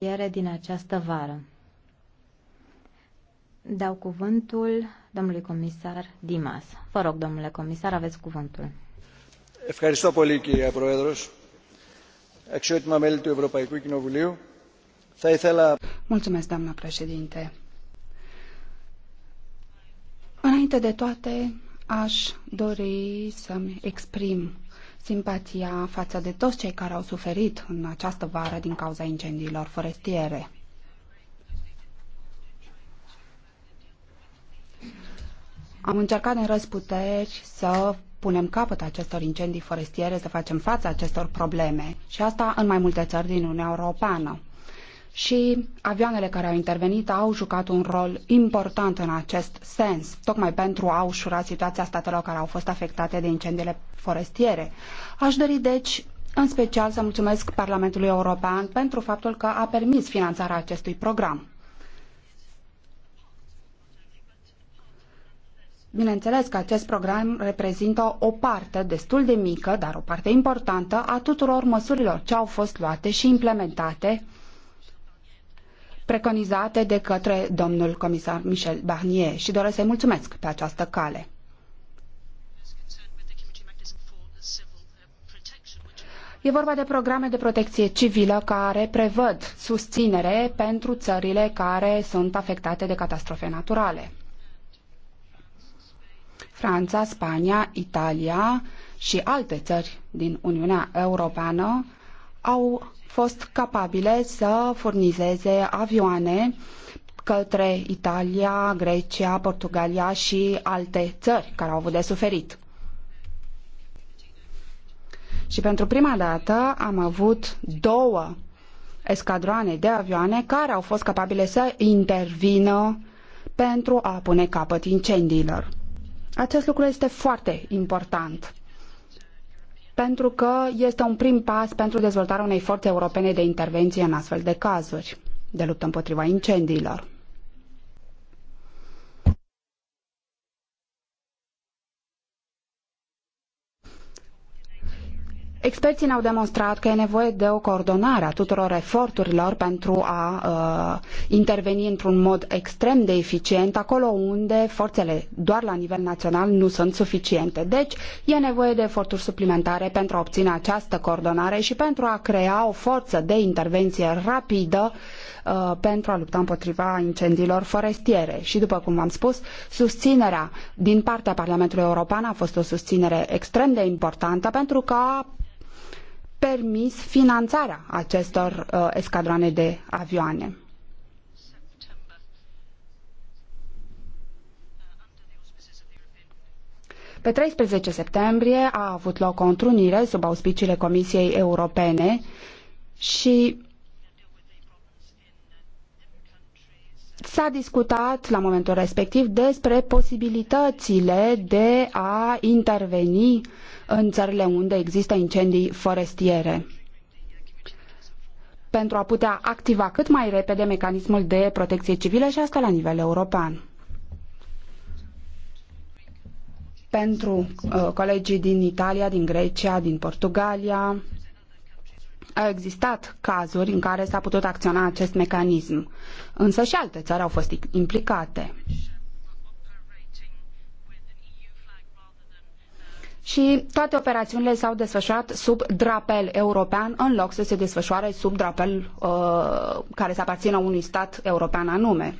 ieri din această vară. Dau cuvântul domnului comisar Dimas. Vă rog, domnule comisar, aveți cuvântul. Ευχαριστώ πολύ, κύριε Πρόεδρος. Αξιότιμα μέλη του Ευρωπαϊκού Κοινοβουλίου, θα ήθελα... Mulțumesc, doamnă președinte. Înainte de toate, aș dori să-mi exprim simpatia față de toți cei care au suferit în această vară din cauza incendiilor forestiere. Am încercat în răzputeri să punem capăt acestor incendii forestiere, să facem față acestor probleme și asta în mai multe țări din Uniunea Europeană și avioanele care au intervenit au jucat un rol important în acest sens, tocmai pentru a ușura situația statelor care au fost afectate de incendiile forestiere. Aș dori, deci, în special să mulțumesc Parlamentului European pentru faptul că a permis finanțarea acestui program. Bineînțeles că acest program reprezintă o parte destul de mică, dar o parte importantă a tuturor măsurilor ce au fost luate și implementate preconizate de către domnul comisar Michel Barnier și doresc să-i mulțumesc pe această cale. E vorba de programe de protecție civilă care prevăd susținere pentru țările care sunt afectate de catastrofe naturale. Franța, Spania, Italia și alte țări din Uniunea Europeană au fost capabile să furnizeze avioane către Italia, Grecia, Portugalia și alte țări care au avut de suferit. Și pentru prima dată am avut două escadroane de avioane care au fost capabile să intervină pentru a pune capăt incendiilor. Acest lucru este foarte important pentru că este un prim pas pentru dezvoltarea unei forțe europene de intervenție în astfel de cazuri de luptă împotriva incendiilor. Experții ne-au demonstrat că e nevoie de o coordonare a tuturor eforturilor pentru a uh, interveni într-un mod extrem de eficient acolo unde forțele doar la nivel național nu sunt suficiente. Deci e nevoie de eforturi suplimentare pentru a obține această coordonare și pentru a crea o forță de intervenție rapidă uh, pentru a lupta împotriva incendiilor forestiere. Și după cum v-am spus, susținerea din partea Parlamentului European a fost o susținere extrem de importantă pentru ca permis finanțarea acestor uh, escadroane de avioane. Pe 13 septembrie a avut loc o întrunire sub auspiciile Comisiei Europene și S-a discutat la momentul respectiv despre posibilitățile de a interveni în țările unde există incendii forestiere pentru a putea activa cât mai repede mecanismul de protecție civilă și asta la nivel european. Pentru uh, colegii din Italia, din Grecia, din Portugalia, au existat cazuri în care s-a putut acționa acest mecanism, însă și alte țări au fost implicate. și toate operațiunile s-au desfășurat sub drapel european în loc să se desfășoare sub drapel uh, care să aparțină unui stat european anume.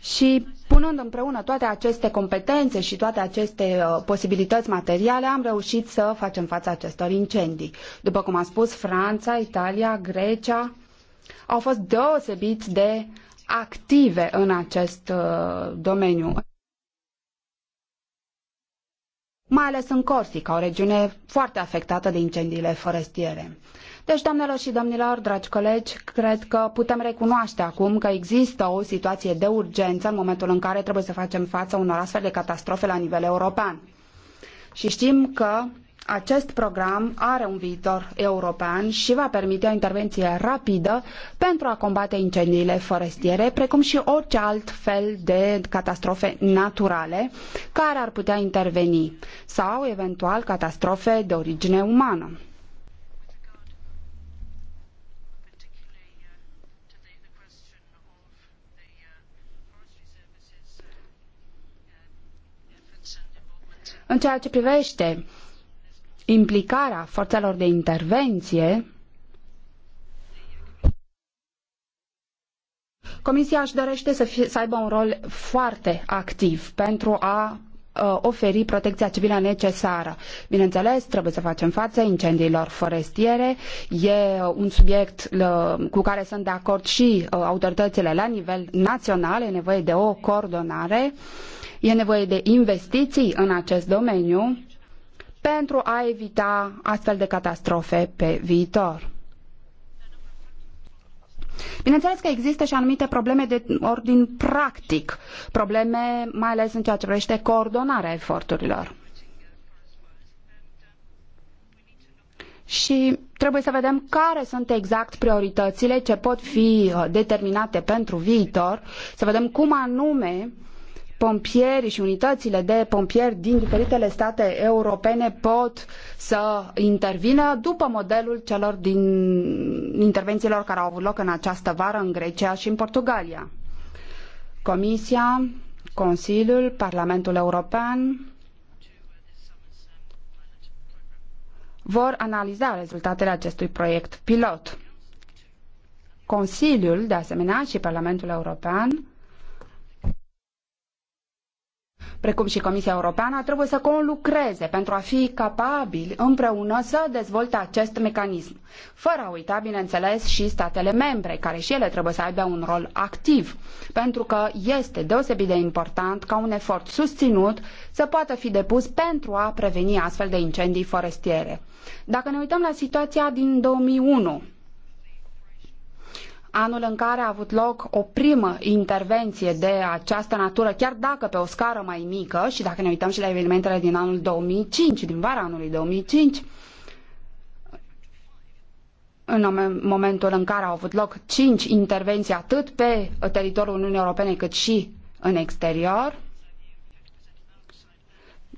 Și punând împreună toate aceste competențe și toate aceste uh, posibilități materiale, am reușit să facem față acestor incendii. După cum am spus, Franța, Italia, Grecia au fost deosebit de uh, active în acest uh, domeniu. Mai ales în Corsica, o regiune foarte afectată de incendiile forestiere. Deci, doamnelor și domnilor, dragi colegi, cred că putem recunoaște acum că există o situație de urgență în momentul în care trebuie să facem față unor astfel de catastrofe la nivel european. Și știm că acest program are un viitor european și va permite o intervenție rapidă pentru a combate incendiile forestiere, precum și orice alt fel de catastrofe naturale care ar putea interveni sau, eventual, catastrofe de origine umană. În ceea ce privește implicarea forțelor de intervenție, Comisia își dorește să, fie, să aibă un rol foarte activ pentru a uh, oferi protecția civilă necesară. Bineînțeles, trebuie să facem față incendiilor forestiere. E uh, un subiect uh, cu care sunt de acord și autoritățile la nivel național. E nevoie de o coordonare. E nevoie de investiții în acest domeniu pentru a evita astfel de catastrofe pe viitor. Bineînțeles că există și anumite probleme de ordin practic, probleme mai ales în ceea ce privește coordonarea eforturilor. Și trebuie să vedem care sunt exact prioritățile ce pot fi uh, determinate pentru viitor, să vedem cum anume pompierii și unitățile de pompieri din diferitele state europene pot să intervină după modelul celor din intervențiilor care au avut loc în această vară în Grecia și în Portugalia. Comisia, Consiliul, Parlamentul European vor analiza rezultatele acestui proiect pilot. Consiliul, de asemenea, și Parlamentul European precum și Comisia Europeană, trebuie să conlucreze pentru a fi capabili împreună să dezvolte acest mecanism. Fără a uita, bineînțeles, și statele membre, care și ele trebuie să aibă un rol activ, pentru că este deosebit de important ca un efort susținut să poată fi depus pentru a preveni astfel de incendii forestiere. Dacă ne uităm la situația din 2001, anul în care a avut loc o primă intervenție de această natură, chiar dacă pe o scară mai mică, și dacă ne uităm și la evenimentele din anul 2005, din vara anului 2005, în momentul în care au avut loc cinci intervenții atât pe teritoriul Uniunii Europene cât și în exterior,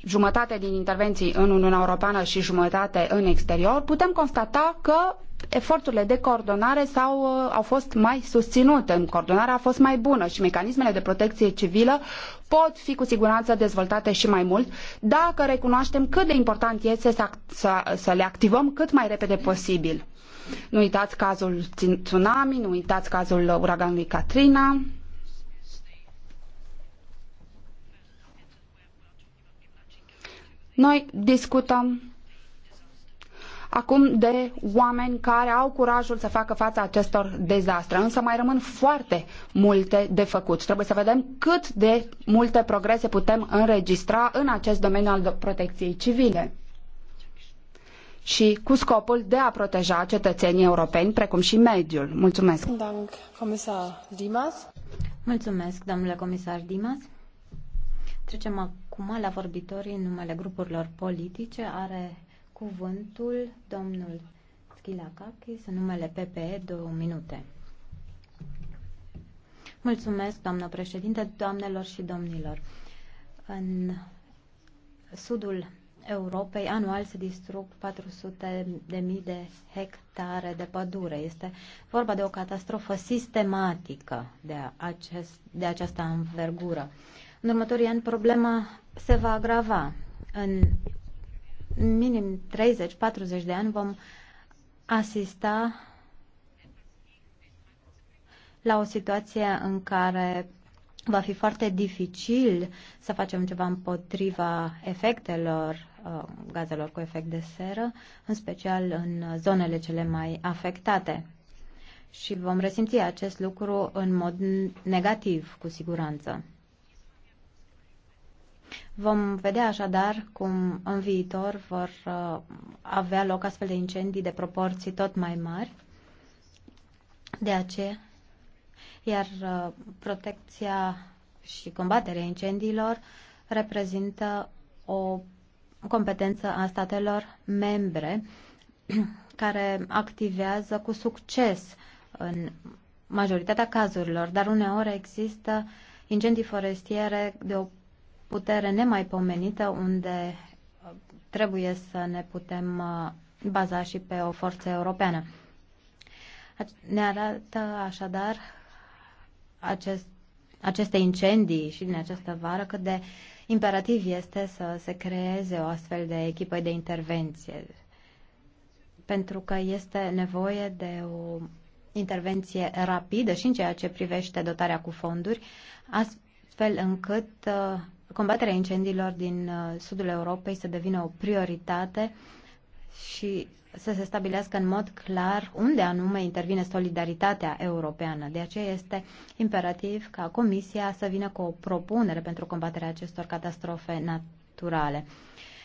jumătate din intervenții în Uniunea Europeană și jumătate în exterior, putem constata că eforturile de coordonare sau uh, au fost mai susținute, coordonarea a fost mai bună și mecanismele de protecție civilă pot fi cu siguranță dezvoltate și mai mult dacă recunoaștem cât de important este să, să, să le activăm cât mai repede posibil. Nu uitați cazul tsunami, nu uitați cazul uraganului Katrina, Noi discutăm acum de oameni care au curajul să facă față acestor dezastre. Însă mai rămân foarte multe de făcut. Trebuie să vedem cât de multe progrese putem înregistra în acest domeniu al protecției civile și cu scopul de a proteja cetățenii europeni, precum și mediul. Mulțumesc! Mulțumesc, domnule comisar Dimas. Trecem acum acum la vorbitorii în numele grupurilor politice. Are cuvântul domnul Schilacakis în numele PPE, două minute. Mulțumesc, doamnă președinte, doamnelor și domnilor. În sudul Europei anual se distrug 400 de mii de hectare de pădure. Este vorba de o catastrofă sistematică de, acest, de această învergură. În următorii ani problema se va agrava. În minim 30-40 de ani vom asista la o situație în care va fi foarte dificil să facem ceva împotriva efectelor uh, gazelor cu efect de seră, în special în zonele cele mai afectate. Și vom resimți acest lucru în mod negativ, cu siguranță. Vom vedea așadar cum în viitor vor uh, avea loc astfel de incendii de proporții tot mai mari. De aceea, iar uh, protecția și combaterea incendiilor reprezintă o competență a statelor membre care activează cu succes în majoritatea cazurilor, dar uneori există incendii forestiere de o putere nemaipomenită unde uh, trebuie să ne putem uh, baza și pe o forță europeană. Ne arată așadar acest, aceste incendii și din această vară cât de imperativ este să se creeze o astfel de echipă de intervenție, pentru că este nevoie de o intervenție rapidă și în ceea ce privește dotarea cu fonduri, astfel încât uh, combaterea incendiilor din uh, sudul Europei să devină o prioritate și să se stabilească în mod clar unde anume intervine solidaritatea europeană. De aceea este imperativ ca Comisia să vină cu o propunere pentru combaterea acestor catastrofe naturale.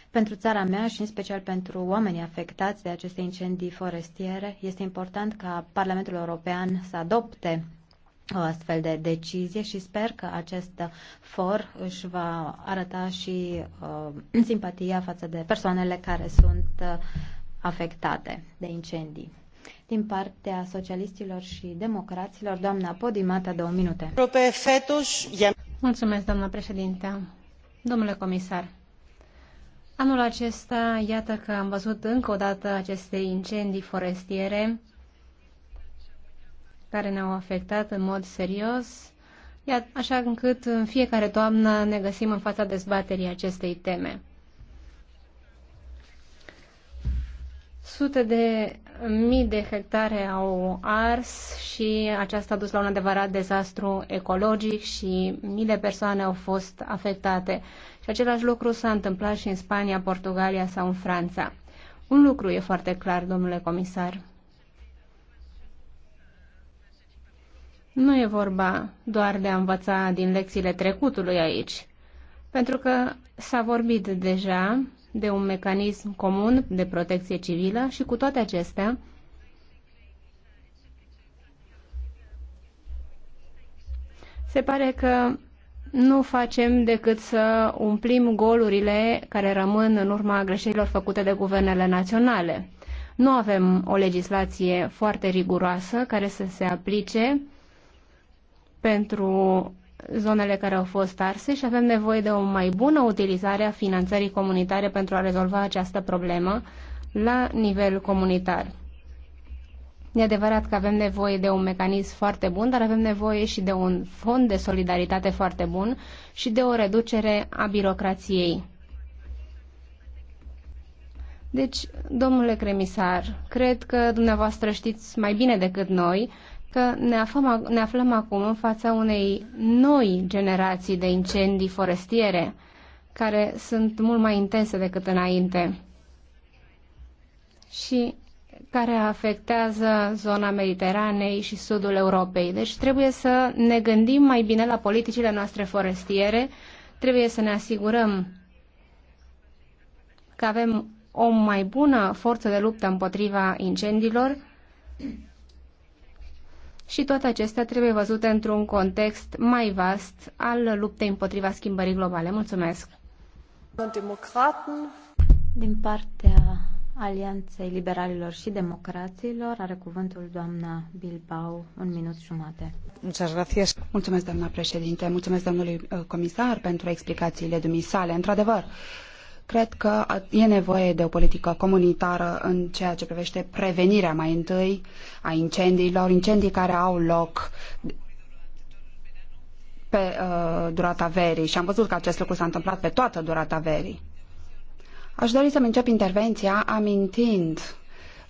Pentru țara mea și în special pentru oamenii afectați de aceste incendii forestiere, este important ca Parlamentul European să adopte o astfel de decizie și sper că acest for își va arăta și uh, simpatia față de persoanele care sunt uh, afectate de incendii. Din partea socialistilor și democraților, doamna Podimata, două minute. Mulțumesc, doamna președinte. Domnule comisar, anul acesta, iată că am văzut încă o dată aceste incendii forestiere care ne-au afectat în mod serios, iar așa încât în fiecare toamnă ne găsim în fața dezbaterii acestei teme. Sute de mii de hectare au ars și aceasta a dus la un adevărat dezastru ecologic și mii de persoane au fost afectate. Și același lucru s-a întâmplat și în Spania, Portugalia sau în Franța. Un lucru e foarte clar, domnule comisar. Nu e vorba doar de a învăța din lecțiile trecutului aici, pentru că s-a vorbit deja de un mecanism comun de protecție civilă și cu toate acestea, se pare că nu facem decât să umplim golurile care rămân în urma greșelilor făcute de guvernele naționale. Nu avem o legislație foarte riguroasă care să se aplice pentru zonele care au fost arse și avem nevoie de o mai bună utilizare a finanțării comunitare pentru a rezolva această problemă la nivel comunitar. E adevărat că avem nevoie de un mecanism foarte bun, dar avem nevoie și de un fond de solidaritate foarte bun și de o reducere a birocrației. Deci, domnule cremisar, cred că dumneavoastră știți mai bine decât noi că ne aflăm, ne aflăm acum în fața unei noi generații de incendii forestiere, care sunt mult mai intense decât înainte și care afectează zona Mediteranei și sudul Europei. Deci trebuie să ne gândim mai bine la politicile noastre forestiere, trebuie să ne asigurăm că avem o mai bună forță de luptă împotriva incendiilor și toate acestea trebuie văzute într-un context mai vast al luptei împotriva schimbării globale. Mulțumesc! Din partea Alianței Liberalilor și Democraților are cuvântul doamna Bilbao, un minut jumate. Mulțumesc, doamna președinte, mulțumesc domnului uh, comisar pentru explicațiile sale. Într-adevăr, Cred că e nevoie de o politică comunitară în ceea ce privește prevenirea mai întâi a incendiilor, incendii care au loc pe uh, durata verii și am văzut că acest lucru s-a întâmplat pe toată durata verii. Aș dori să-mi încep intervenția amintind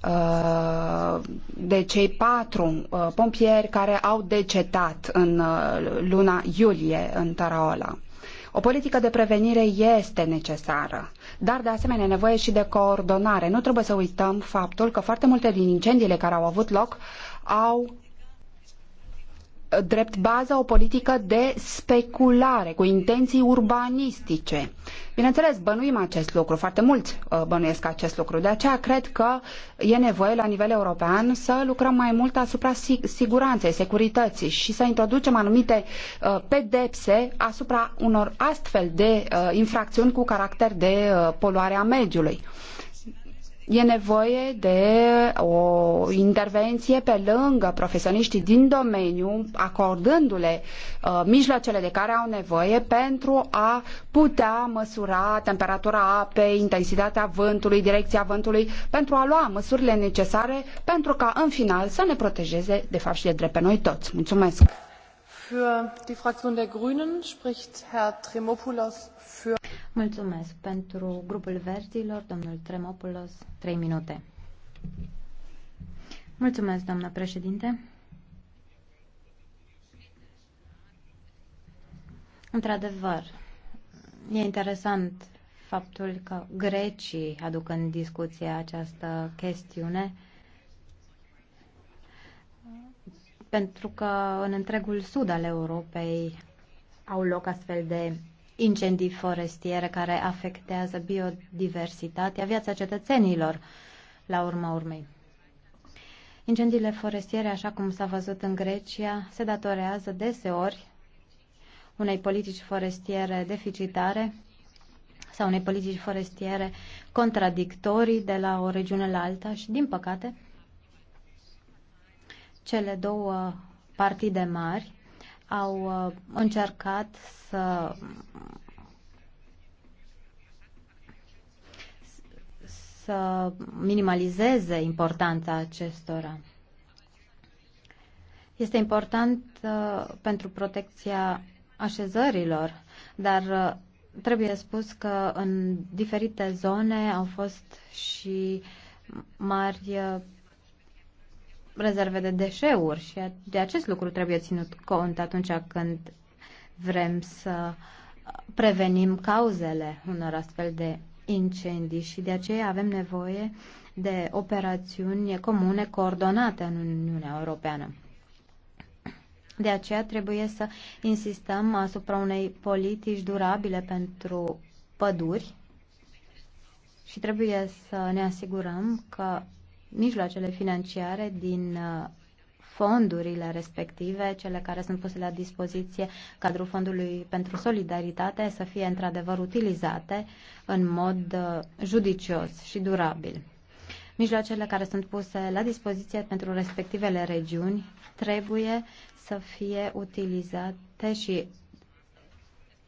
uh, de cei patru uh, pompieri care au decetat în uh, luna iulie în Taraola. O politică de prevenire este necesară, dar de asemenea nevoie și de coordonare. Nu trebuie să uităm faptul că foarte multe din incendiile care au avut loc au drept bază o politică de speculare cu intenții urbanistice. Bineînțeles, bănuim acest lucru, foarte mulți uh, bănuiesc acest lucru, de aceea cred că e nevoie la nivel european să lucrăm mai mult asupra siguranței, securității și să introducem anumite uh, pedepse asupra unor astfel de uh, infracțiuni cu caracter de poluare a mediului e nevoie de uh, o intervenție pe lângă profesioniștii din domeniu, acordându-le uh, mijloacele de care au nevoie pentru a putea măsura temperatura apei, intensitatea vântului, direcția vântului, pentru a lua măsurile necesare pentru ca în final să ne protejeze de fapt și de drept pe noi toți. Mulțumesc! Für die Fraktion der Grünen spricht Herr Tremopoulos für... Mulțumesc pentru grupul verzilor, domnul Tremopoulos, 3 minute. Mulțumesc, doamnă președinte. Într-adevăr, e interesant faptul că grecii aduc în discuție această chestiune pentru că în întregul sud al Europei au loc astfel de incendii forestiere care afectează biodiversitatea, viața cetățenilor, la urma urmei. Incendiile forestiere, așa cum s-a văzut în Grecia, se datorează deseori unei politici forestiere deficitare sau unei politici forestiere contradictorii de la o regiune la alta și, din păcate, cele două partide mari au uh, încercat să să minimalizeze importanța acestora. Este important uh, pentru protecția așezărilor, dar uh, trebuie spus că în diferite zone au fost și mari uh, rezerve de deșeuri și de acest lucru trebuie ținut cont atunci când vrem să prevenim cauzele unor astfel de incendii și de aceea avem nevoie de operațiuni comune coordonate în Uniunea Europeană. De aceea trebuie să insistăm asupra unei politici durabile pentru păduri și trebuie să ne asigurăm că mijloacele financiare din uh, fondurile respective, cele care sunt puse la dispoziție cadrul Fondului pentru Solidaritate, să fie într-adevăr utilizate în mod uh, judicios și durabil. Mijloacele care sunt puse la dispoziție pentru respectivele regiuni trebuie să fie utilizate și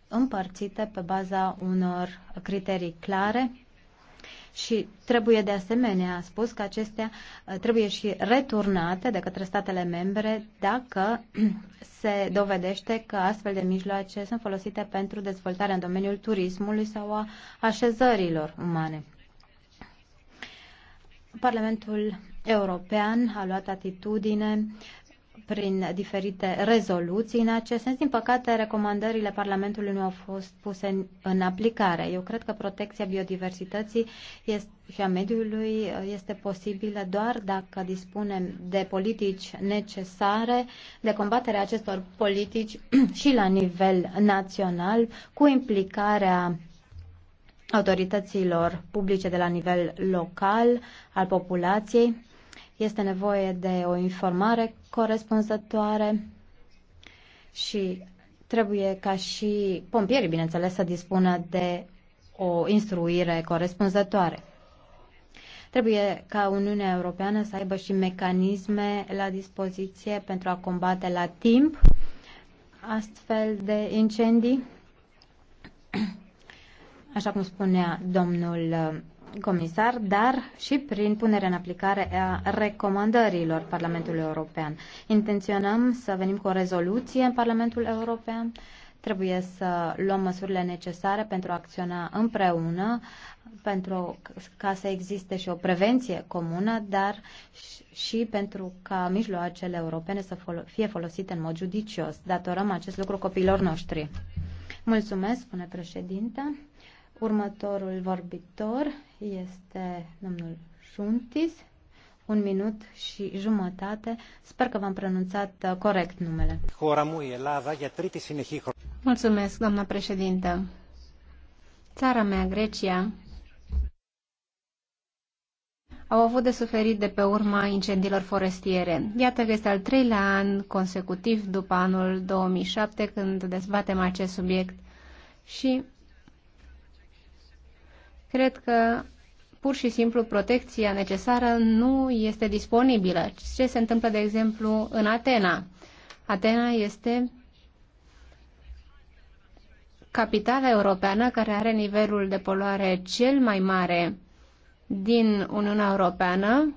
împărțite pe baza unor criterii clare și trebuie de asemenea spus că acestea uh, trebuie și returnate de către statele membre dacă se dovedește că astfel de mijloace sunt folosite pentru dezvoltarea în domeniul turismului sau a așezărilor umane. Parlamentul European a luat atitudine prin diferite rezoluții în acest sens. Din păcate, recomandările Parlamentului nu au fost puse în, în aplicare. Eu cred că protecția biodiversității este, și a mediului este posibilă doar dacă dispunem de politici necesare de combaterea acestor politici și la nivel național, cu implicarea autorităților publice de la nivel local, al populației este nevoie de o informare corespunzătoare și trebuie ca și pompierii, bineînțeles, să dispună de o instruire corespunzătoare. Trebuie ca Uniunea Europeană să aibă și mecanisme la dispoziție pentru a combate la timp astfel de incendii. Așa cum spunea domnul comisar, dar și prin punerea în aplicare a recomandărilor Parlamentului European. Intenționăm să venim cu o rezoluție în Parlamentul European. Trebuie să luăm măsurile necesare pentru a acționa împreună, pentru ca să existe și o prevenție comună, dar și pentru ca mijloacele europene să fie folosite în mod judicios. Datorăm acest lucru copiilor noștri. Mulțumesc, spune președinte. Următorul vorbitor este domnul Șuntis. Un minut și jumătate. Sper că v-am pronunțat uh, corect numele. Mulțumesc, doamna președintă. Țara mea, Grecia, au avut de suferit de pe urma incendiilor forestiere. Iată că este al treilea an consecutiv după anul 2007 când dezbatem acest subiect și Cred că pur și simplu protecția necesară nu este disponibilă. Ce se întâmplă, de exemplu, în Atena? Atena este capitala europeană care are nivelul de poluare cel mai mare din Uniunea Europeană,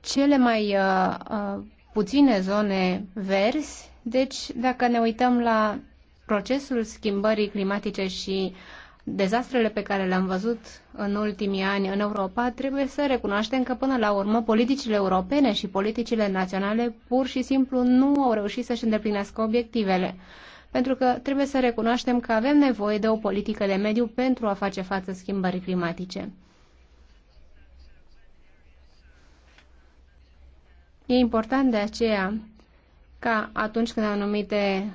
cele mai uh, uh, puține zone verzi. Deci, dacă ne uităm la procesul schimbării climatice și uh, dezastrele pe care le-am văzut în ultimii ani în Europa, trebuie să recunoaștem că până la urmă politicile europene și politicile naționale pur și simplu nu au reușit să-și îndeplinească obiectivele. Pentru că trebuie să recunoaștem că avem nevoie de o politică de mediu pentru a face față schimbării climatice. E important de aceea ca atunci când anumite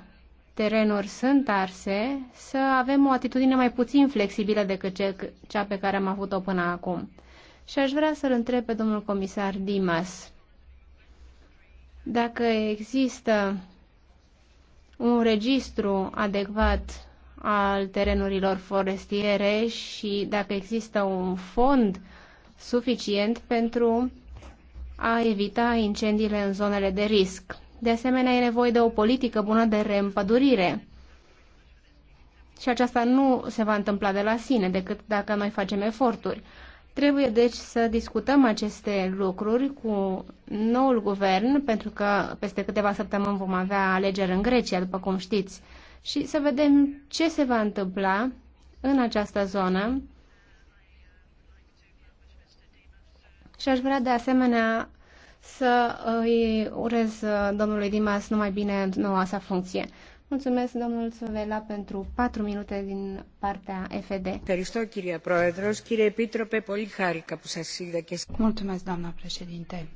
terenuri sunt arse, să avem o atitudine mai puțin flexibilă decât cea pe care am avut-o până acum. Și aș vrea să-l întreb pe domnul comisar Dimas dacă există un registru adecvat al terenurilor forestiere și dacă există un fond suficient pentru a evita incendiile în zonele de risc. De asemenea, e nevoie de o politică bună de reîmpădurire. Și aceasta nu se va întâmpla de la sine, decât dacă noi facem eforturi. Trebuie deci să discutăm aceste lucruri cu noul guvern, pentru că peste câteva săptămâni vom avea alegeri în Grecia, după cum știți, și să vedem ce se va întâmpla în această zonă. Și aș vrea de asemenea să îi urez domnului Dimas numai bine în noua sa funcție. Mulțumesc, domnul Sovela, pentru patru minute din partea FD. Mulțumesc, doamna președinte.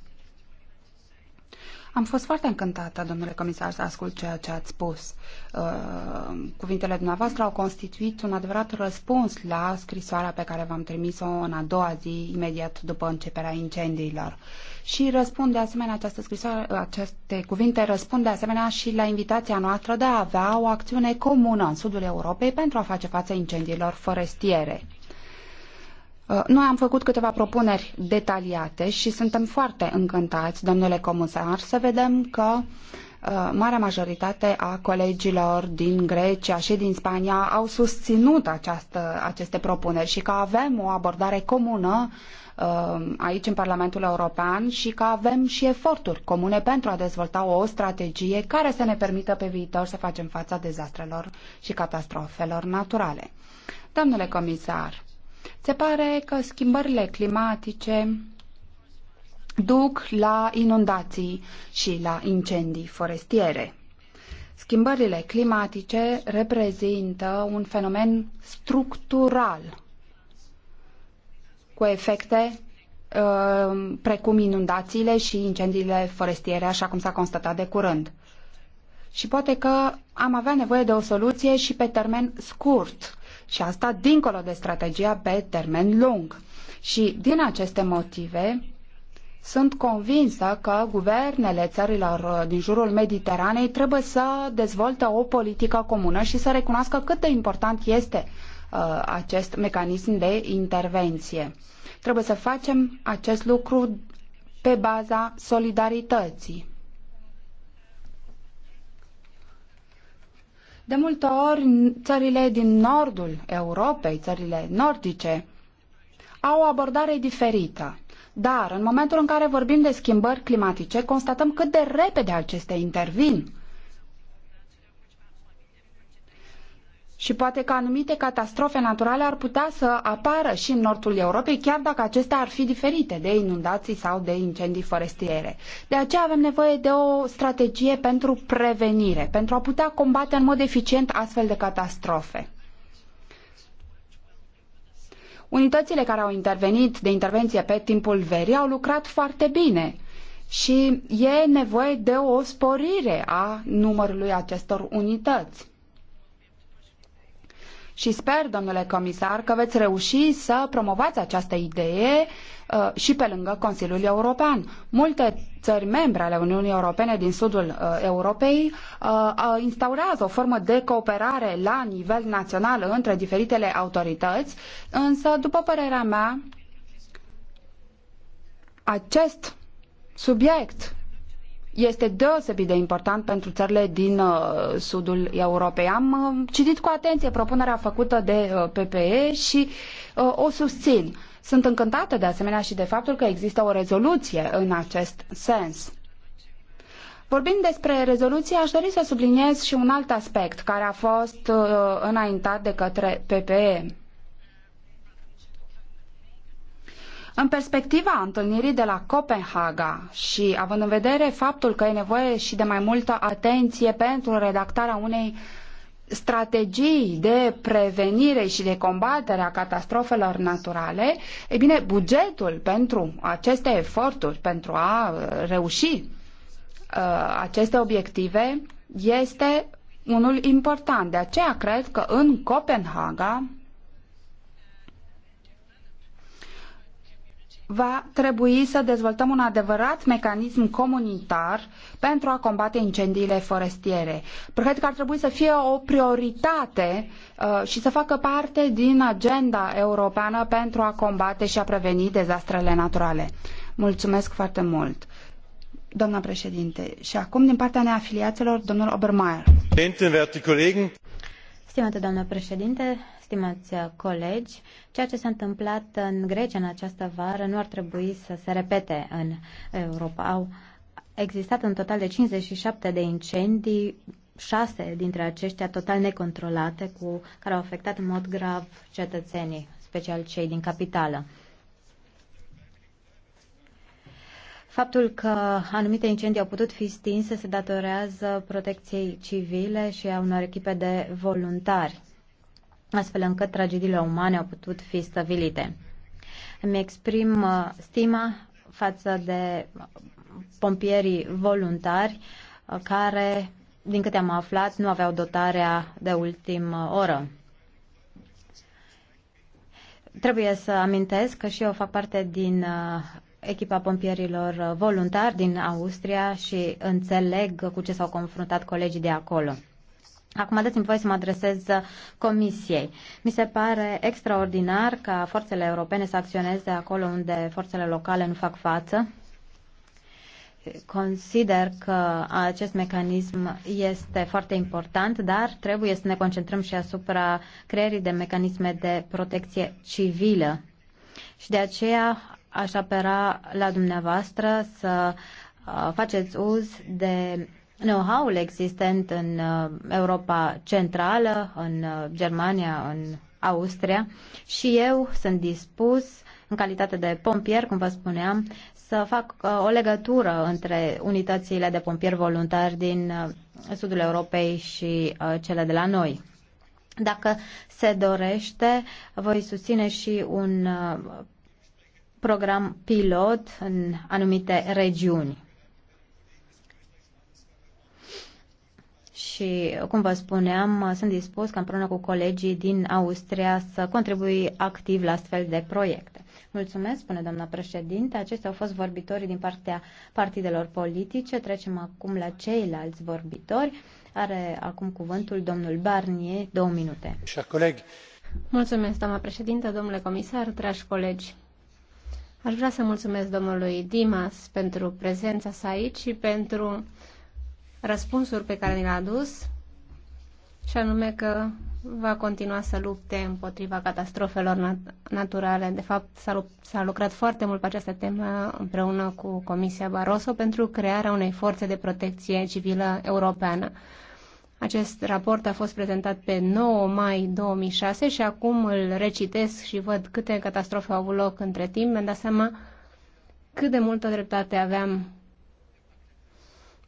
Am fost foarte încântată, domnule comisar, să ascult ceea ce ați spus. Uh, cuvintele dumneavoastră au constituit un adevărat răspuns la scrisoarea pe care v-am trimis-o în a doua zi, imediat după începerea incendiilor. Și răspunde asemenea această scrisoare, aceste cuvinte răspunde asemenea și la invitația noastră de a avea o acțiune comună în sudul Europei pentru a face față incendiilor forestiere. Uh, noi am făcut câteva propuneri detaliate și suntem foarte încântați, domnule comisar, să vedem că uh, marea majoritate a colegilor din Grecia și din Spania au susținut această, aceste propuneri și că avem o abordare comună uh, aici în Parlamentul European și că avem și eforturi comune pentru a dezvolta o strategie care să ne permită pe viitor să facem fața dezastrelor și catastrofelor naturale. Domnule comisar, se pare că schimbările climatice duc la inundații și la incendii forestiere. Schimbările climatice reprezintă un fenomen structural cu efecte uh, precum inundațiile și incendiile forestiere, așa cum s-a constatat de curând. Și poate că am avea nevoie de o soluție și pe termen scurt, și asta dincolo de strategia pe termen lung. Și din aceste motive, sunt convinsă că guvernele țărilor din jurul Mediteranei trebuie să dezvolte o politică comună și să recunoască cât de important este uh, acest mecanism de intervenție. Trebuie să facem acest lucru pe baza solidarității. De multe ori, țările din nordul Europei, țările nordice, au o abordare diferită. Dar, în momentul în care vorbim de schimbări climatice, constatăm cât de repede acestea intervin și poate că anumite catastrofe naturale ar putea să apară și în nordul Europei, chiar dacă acestea ar fi diferite de inundații sau de incendii forestiere. De aceea avem nevoie de o strategie pentru prevenire, pentru a putea combate în mod eficient astfel de catastrofe. Unitățile care au intervenit de intervenție pe timpul verii au lucrat foarte bine și e nevoie de o sporire a numărului acestor unități. Și sper, domnule comisar, că veți reuși să promovați această idee uh, și pe lângă Consiliul European. Multe țări membre ale Uniunii Europene din sudul uh, Europei uh, instaurează o formă de cooperare la nivel național între diferitele autorități, însă, după părerea mea, acest subiect este deosebit de important pentru țările din uh, sudul Europei. Am uh, citit cu atenție propunerea făcută de uh, PPE și uh, o susțin. Sunt încântată de asemenea și de faptul că există o rezoluție în acest sens. Vorbind despre rezoluție, aș dori să subliniez și un alt aspect care a fost uh, înaintat de către PPE. În perspectiva întâlnirii de la Copenhaga și având în vedere faptul că e nevoie și de mai multă atenție pentru redactarea unei strategii de prevenire și de combatere a catastrofelor naturale, e bine, bugetul pentru aceste eforturi, pentru a uh, reuși uh, aceste obiective, este unul important. De aceea cred că în Copenhaga va trebui să dezvoltăm un adevărat mecanism comunitar pentru a combate incendiile forestiere. Cred că ar trebui să fie o prioritate uh, și să facă parte din agenda europeană pentru a combate și a preveni dezastrele naturale. Mulțumesc foarte mult. Doamna președinte, și acum din partea neafiliaților, domnul Obermeier. Stimate doamnă președinte, Stimați uh, colegi, ceea ce s-a întâmplat în Grecia în această vară nu ar trebui să se repete în Europa. Au existat în total de 57 de incendii, șase dintre aceștia total necontrolate, cu, care au afectat în mod grav cetățenii, special cei din capitală. Faptul că anumite incendii au putut fi stinse se datorează protecției civile și a unor echipe de voluntari astfel încât tragediile umane au putut fi stabilite. Îmi exprim uh, stima față de pompierii voluntari uh, care, din câte am aflat, nu aveau dotarea de ultimă oră. Trebuie să amintesc că și eu fac parte din uh, echipa pompierilor voluntari din Austria și înțeleg cu ce s-au confruntat colegii de acolo. Acum dați-mi voi să mă adresez Comisiei. Mi se pare extraordinar ca forțele europene să acționeze acolo unde forțele locale nu fac față. Consider că acest mecanism este foarte important, dar trebuie să ne concentrăm și asupra creierii de mecanisme de protecție civilă. Și de aceea aș apela la dumneavoastră să uh, faceți uz de know-how-ul existent în uh, Europa Centrală, în uh, Germania, în Austria și eu sunt dispus, în calitate de pompier, cum vă spuneam, să fac uh, o legătură între unitățile de pompieri voluntari din sudul Europei și cele de la noi. Dacă se dorește, voi susține și un program pilot în anumite regiuni. și, cum vă spuneam, sunt dispus ca împreună cu colegii din Austria să contribui activ la astfel de proiecte. Mulțumesc, spune doamna președinte. Acestea au fost vorbitorii din partea partidelor politice. Trecem acum la ceilalți vorbitori. Are acum cuvântul domnul Barnier, două minute. Coleg. Mulțumesc, doamna președinte, domnule comisar, dragi colegi. Aș vrea să mulțumesc domnului Dimas pentru prezența sa aici și pentru răspunsuri pe care ni le-a adus, și anume că va continua să lupte împotriva catastrofelor naturale. De fapt, s-a, lu- s-a lucrat foarte mult pe această temă împreună cu Comisia Barroso pentru crearea unei forțe de protecție civilă europeană. Acest raport a fost prezentat pe 9 mai 2006 și acum îl recitesc și văd câte catastrofe au avut loc între timp. Mi-am dat seama cât de multă dreptate aveam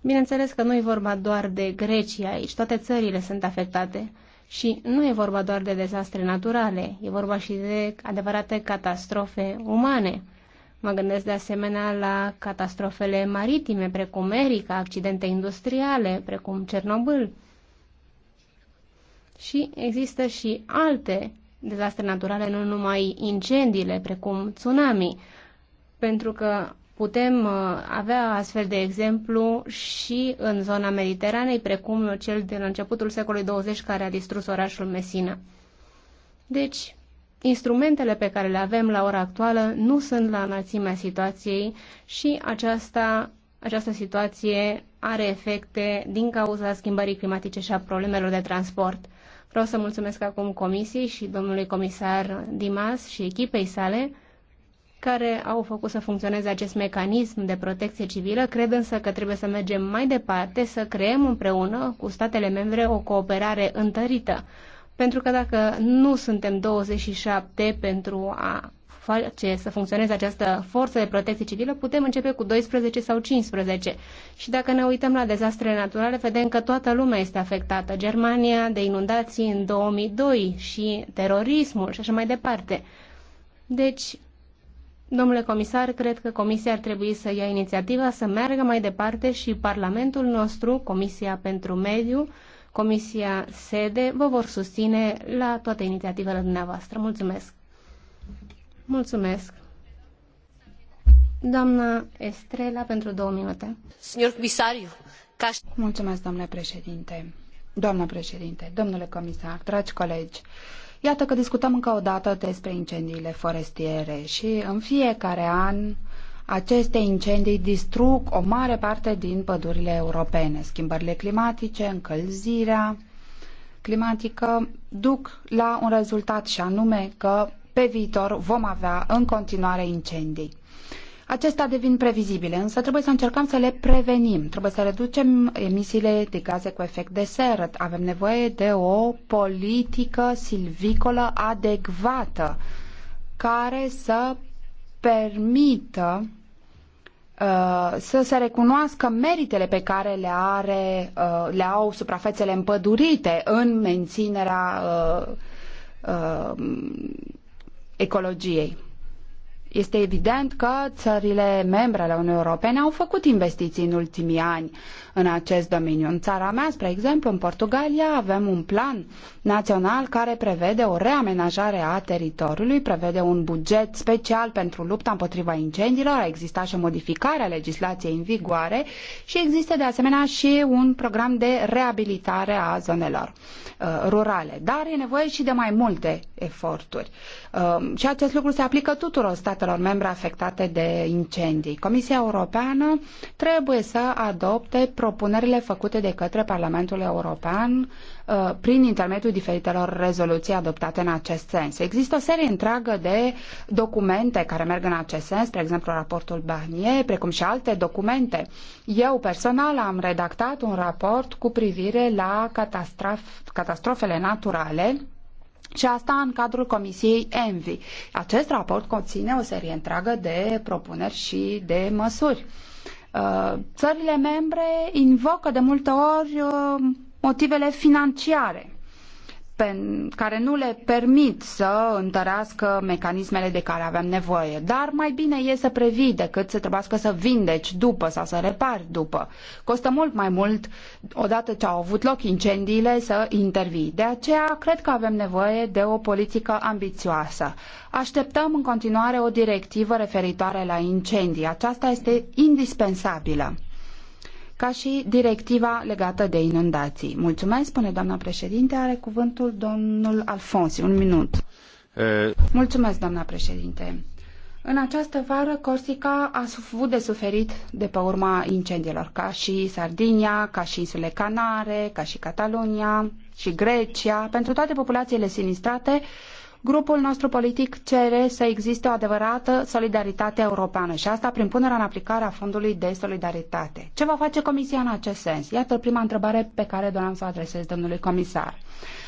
Bineînțeles că nu e vorba doar de Grecia aici, toate țările sunt afectate și nu e vorba doar de dezastre naturale, e vorba și de adevărate catastrofe umane. Mă gândesc de asemenea la catastrofele maritime, precum America, accidente industriale, precum Cernobâl. Și există și alte dezastre naturale, nu numai incendiile, precum tsunami, pentru că Putem uh, avea astfel de exemplu și în zona Mediteranei, precum cel din începutul secolului 20 care a distrus orașul Messina. Deci, instrumentele pe care le avem la ora actuală nu sunt la înălțimea situației și aceasta, această situație are efecte din cauza schimbării climatice și a problemelor de transport. Vreau să mulțumesc acum Comisiei și domnului comisar Dimas și echipei sale care au făcut să funcționeze acest mecanism de protecție civilă. Cred însă că trebuie să mergem mai departe, să creăm împreună cu statele membre o cooperare întărită. Pentru că dacă nu suntem 27 pentru a face să funcționeze această forță de protecție civilă, putem începe cu 12 sau 15. Și dacă ne uităm la dezastrele naturale, vedem că toată lumea este afectată. Germania de inundații în 2002 și terorismul și așa mai departe. Deci, Domnule comisar, cred că Comisia ar trebui să ia inițiativa să meargă mai departe și Parlamentul nostru, Comisia pentru Mediu, Comisia Sede, vă vor susține la toate inițiativele dumneavoastră. Mulțumesc! Mulțumesc! Doamna Estrela, pentru două minute. Signor comisariu, ca... Mulțumesc, domnule președinte. Doamna președinte, domnule comisar, dragi colegi, Iată că discutăm încă o dată despre incendiile forestiere și în fiecare an aceste incendii distrug o mare parte din pădurile europene. Schimbările climatice, încălzirea climatică duc la un rezultat și anume că pe viitor vom avea în continuare incendii acestea devin previzibile, însă trebuie să încercăm să le prevenim. Trebuie să reducem emisiile de gaze cu efect de seră. Avem nevoie de o politică silvicolă adecvată care să permită uh, să se recunoască meritele pe care le, are, uh, le au suprafețele împădurite în menținerea uh, ecologiei. Este evident că țările membre ale Uniunii Europene au făcut investiții în ultimii ani în acest domeniu. În țara mea, spre exemplu, în Portugalia, avem un plan național care prevede o reamenajare a teritoriului, prevede un buget special pentru lupta împotriva incendiilor, a existat și o modificare a legislației în vigoare și există de asemenea și un program de reabilitare a zonelor uh, rurale. Dar e nevoie și de mai multe eforturi. Um, și acest lucru se aplică tuturor statelor membre afectate de incendii. Comisia Europeană trebuie să adopte propunerile făcute de către Parlamentul European uh, prin intermediul diferitelor rezoluții adoptate în acest sens. Există o serie întreagă de documente care merg în acest sens, spre exemplu raportul Barnier, precum și alte documente. Eu personal am redactat un raport cu privire la catastrofele naturale și asta în cadrul Comisiei ENVI. Acest raport conține o serie întreagă de propuneri și de măsuri. Uh, țările membre invocă de multe ori uh, motivele financiare care nu le permit să întărească mecanismele de care avem nevoie. Dar mai bine e să previi decât să trebuiască să vindeci după sau să repari după. Costă mult mai mult odată ce au avut loc incendiile să intervii. De aceea cred că avem nevoie de o politică ambițioasă. Așteptăm în continuare o directivă referitoare la incendii. Aceasta este indispensabilă ca și directiva legată de inundații. Mulțumesc, spune doamna președinte. Are cuvântul domnul Alfonsi. Un minut. E... Mulțumesc, doamna președinte. În această vară, Corsica a avut de suferit de pe urma incendiilor, ca și Sardinia, ca și insule Canare, ca și Catalonia și Grecia. Pentru toate populațiile sinistrate, Grupul nostru politic cere să existe o adevărată solidaritate europeană și asta prin punerea în aplicare a Fondului de Solidaritate. Ce va face Comisia în acest sens? Iată prima întrebare pe care doream să o adresez domnului comisar.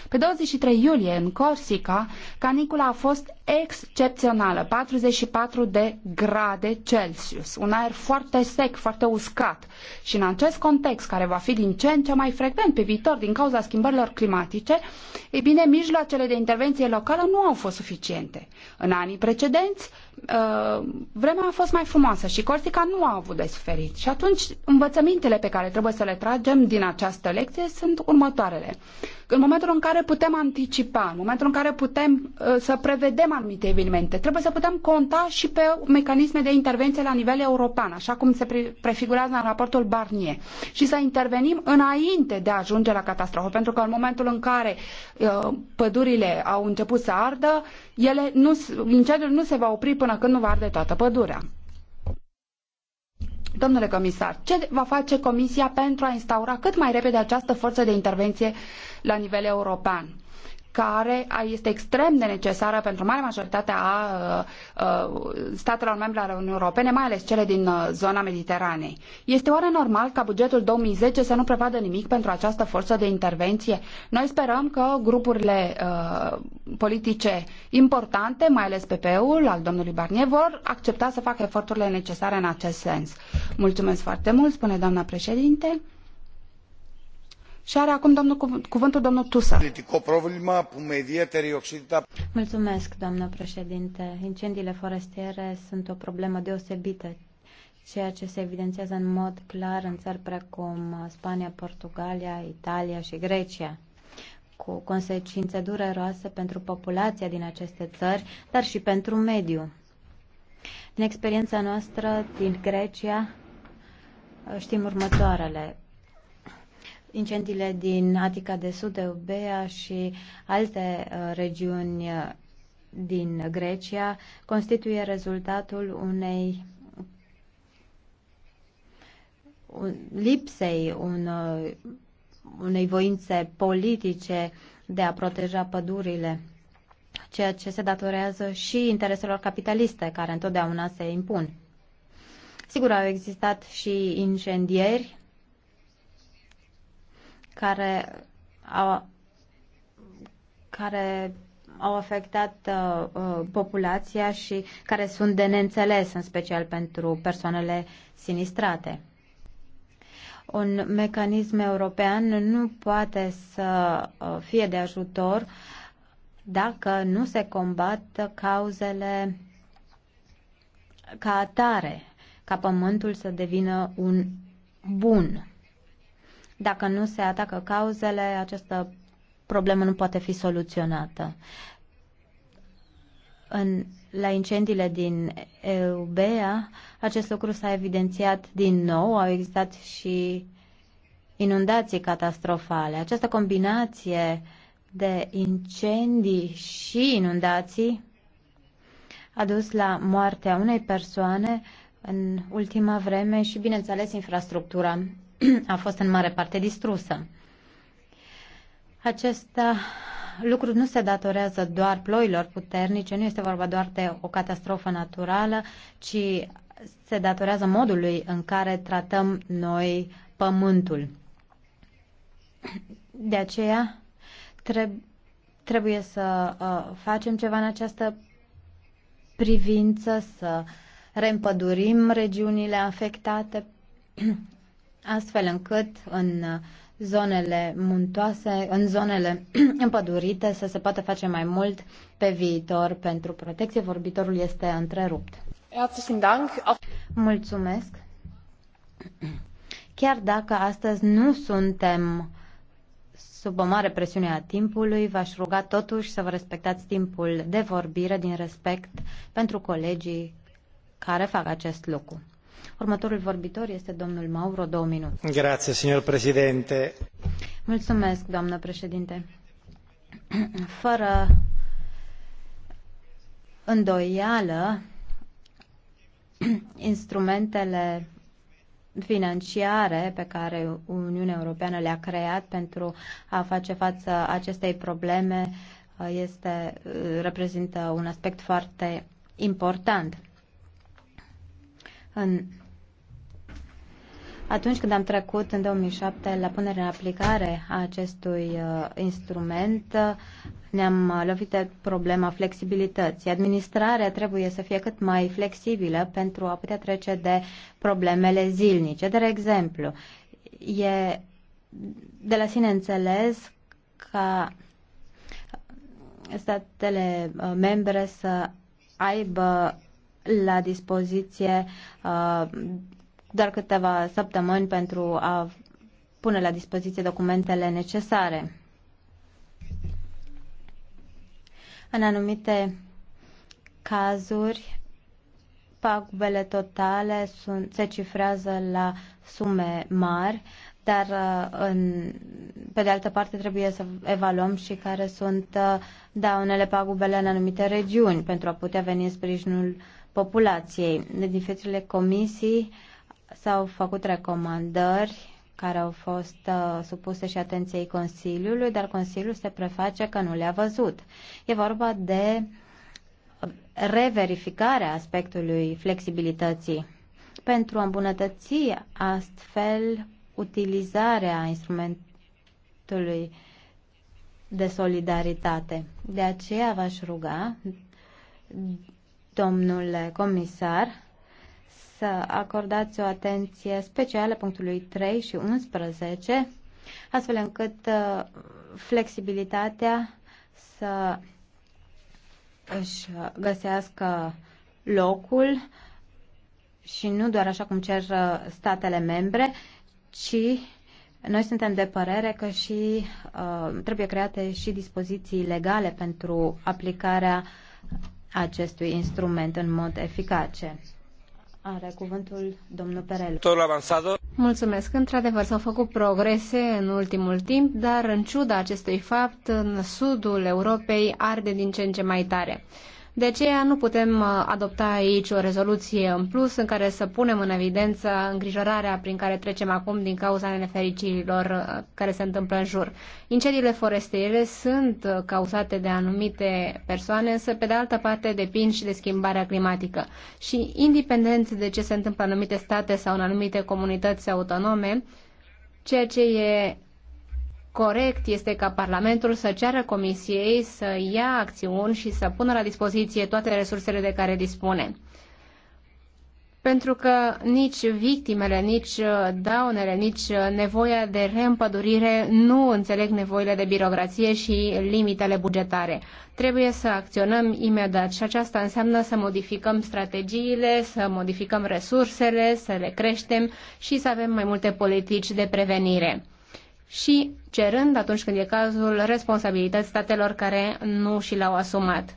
Pe 23 iulie, în Corsica, canicula a fost excepțională, 44 de grade Celsius, un aer foarte sec, foarte uscat. Și în acest context, care va fi din ce în ce mai frecvent pe viitor din cauza schimbărilor climatice, ei bine, mijloacele de intervenție locală nu au fost suficiente. În anii precedenți, Uh, vremea a fost mai frumoasă și Corsica nu a avut de suferit. Și atunci învățămintele pe care trebuie să le tragem din această lecție sunt următoarele. În momentul în care putem anticipa, în momentul în care putem uh, să prevedem anumite evenimente, trebuie să putem conta și pe mecanisme de intervenție la nivel european, așa cum se prefigurează în raportul Barnier, și să intervenim înainte de a ajunge la catastrofă, pentru că în momentul în care uh, pădurile au început să ardă, ele nu, incendiul nu se va opri până când nu va arde toată pădurea. Domnule comisar, ce va face Comisia pentru a instaura cât mai repede această forță de intervenție la nivel european? care este extrem de necesară pentru mare majoritatea a statelor membre ale Uniunii Europene, mai ales cele din uh, zona Mediteranei. Este oare normal ca bugetul 2010 să nu prevadă nimic pentru această forță de intervenție? Noi sperăm că grupurile uh, politice importante, mai ales PP-ul al domnului Barnier, vor accepta să facă eforturile necesare în acest sens. Mulțumesc foarte mult, spune doamna președinte. Și are acum domnul cuv- cuvântul domnul Tusa. Mulțumesc, doamnă președinte. Incendiile forestiere sunt o problemă deosebită, ceea ce se evidențiază în mod clar în țări precum Spania, Portugalia, Italia și Grecia cu consecințe dureroase pentru populația din aceste țări, dar și pentru mediu. Din experiența noastră din Grecia știm următoarele incendiile din Atica de Sud, Eubea și alte uh, regiuni uh, din Grecia constituie rezultatul unei lipsei unei, unei voințe politice de a proteja pădurile, ceea ce se datorează și intereselor capitaliste care întotdeauna se impun. Sigur, au existat și incendieri care au, care au afectat uh, uh, populația și care sunt de neînțeles, în special pentru persoanele sinistrate. Un mecanism european nu poate să uh, fie de ajutor dacă nu se combat cauzele ca atare, ca pământul să devină un bun dacă nu se atacă cauzele, această problemă nu poate fi soluționată. În, la incendiile din Eubea, acest lucru s-a evidențiat din nou, au existat și inundații catastrofale. Această combinație de incendii și inundații a dus la moartea unei persoane în ultima vreme și, bineînțeles, infrastructura a fost în mare parte distrusă. Acest uh, lucru nu se datorează doar ploilor puternice, nu este vorba doar de o catastrofă naturală, ci se datorează modului în care tratăm noi pământul. De aceea trebuie să uh, facem ceva în această privință, să reîmpădurim regiunile afectate astfel încât în zonele muntoase, în zonele împădurite, să se poată face mai mult pe viitor pentru protecție. Vorbitorul este întrerupt. Mulțumesc! Chiar dacă astăzi nu suntem sub o mare presiune a timpului, v-aș ruga totuși să vă respectați timpul de vorbire din respect pentru colegii care fac acest lucru. Următorul vorbitor este domnul Mauro, două minute. Grazie, signor președinte. Mulțumesc, doamnă președinte. Fără îndoială, instrumentele financiare pe care Uniunea Europeană le-a creat pentru a face față acestei probleme uh, este, uh, reprezintă un aspect foarte important. În atunci când am trecut în 2007 la punerea în aplicare a acestui uh, instrument, uh, ne-am uh, lovit de problema flexibilității. Administrarea trebuie să fie cât mai flexibilă pentru a putea trece de problemele zilnice. De exemplu, e de la sine înțeles ca statele uh, membre să aibă la dispoziție uh, doar câteva săptămâni pentru a pune la dispoziție documentele necesare. În anumite cazuri, pagubele totale sunt, se cifrează la sume mari, dar uh, în, pe de altă parte trebuie să evaluăm și care sunt uh, daunele pagubele în anumite regiuni pentru a putea veni în sprijinul populației. Din diferitele comisii uh, S-au făcut recomandări care au fost uh, supuse și atenției Consiliului, dar Consiliul se preface că nu le-a văzut. E vorba de reverificarea aspectului flexibilității pentru a îmbunătăți astfel utilizarea instrumentului de solidaritate. De aceea v-aș ruga, domnule comisar, să acordați o atenție specială punctului 3 și 11, astfel încât uh, flexibilitatea să își găsească locul și nu doar așa cum cer uh, statele membre, ci noi suntem de părere că și uh, trebuie create și dispoziții legale pentru aplicarea acestui instrument în mod eficace. Are cuvântul domnul Perel. Mulțumesc. Într-adevăr, s-au făcut progrese în ultimul timp, dar în ciuda acestui fapt, în sudul Europei arde din ce în ce mai tare. De aceea nu putem uh, adopta aici o rezoluție în plus în care să punem în evidență îngrijorarea prin care trecem acum din cauza nefericirilor uh, care se întâmplă în jur. Incendiile forestiere sunt uh, cauzate de anumite persoane, însă pe de altă parte depind și de schimbarea climatică. Și independent de ce se întâmplă în anumite state sau în anumite comunități autonome, ceea ce e corect este ca Parlamentul să ceară Comisiei să ia acțiuni și să pună la dispoziție toate resursele de care dispune. Pentru că nici victimele, nici uh, daunele, nici uh, nevoia de reîmpădurire nu înțeleg nevoile de birocrație și limitele bugetare. Trebuie să acționăm imediat și aceasta înseamnă să modificăm strategiile, să modificăm resursele, să le creștem și să avem mai multe politici de prevenire și cerând, atunci când e cazul, responsabilități statelor care nu și le-au asumat.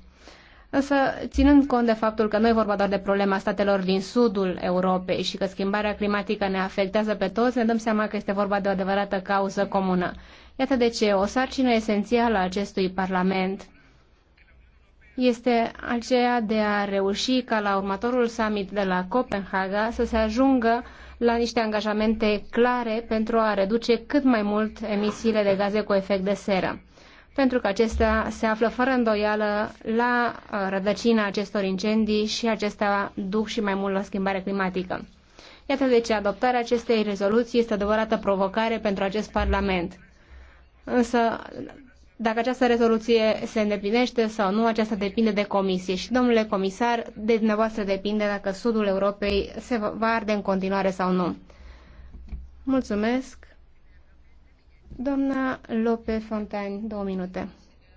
Însă, ținând cont de faptul că nu e vorba doar de problema statelor din sudul Europei și că schimbarea climatică ne afectează pe toți, ne dăm seama că este vorba de o adevărată cauză comună. Iată de ce o sarcină esențială a acestui Parlament este aceea de a reuși ca la următorul summit de la Copenhaga să se ajungă la niște angajamente clare pentru a reduce cât mai mult emisiile de gaze cu efect de seră pentru că acestea se află fără îndoială la uh, rădăcina acestor incendii și acestea duc și mai mult la schimbare climatică. Iată de ce adoptarea acestei rezoluții este adevărată provocare pentru acest Parlament. Însă dacă această rezoluție se îndeplinește sau nu, aceasta depinde de comisie. Și, domnule comisar, de dumneavoastră depinde dacă sudul Europei se va arde în continuare sau nu. Mulțumesc. Doamna Lope Fontaine, două minute.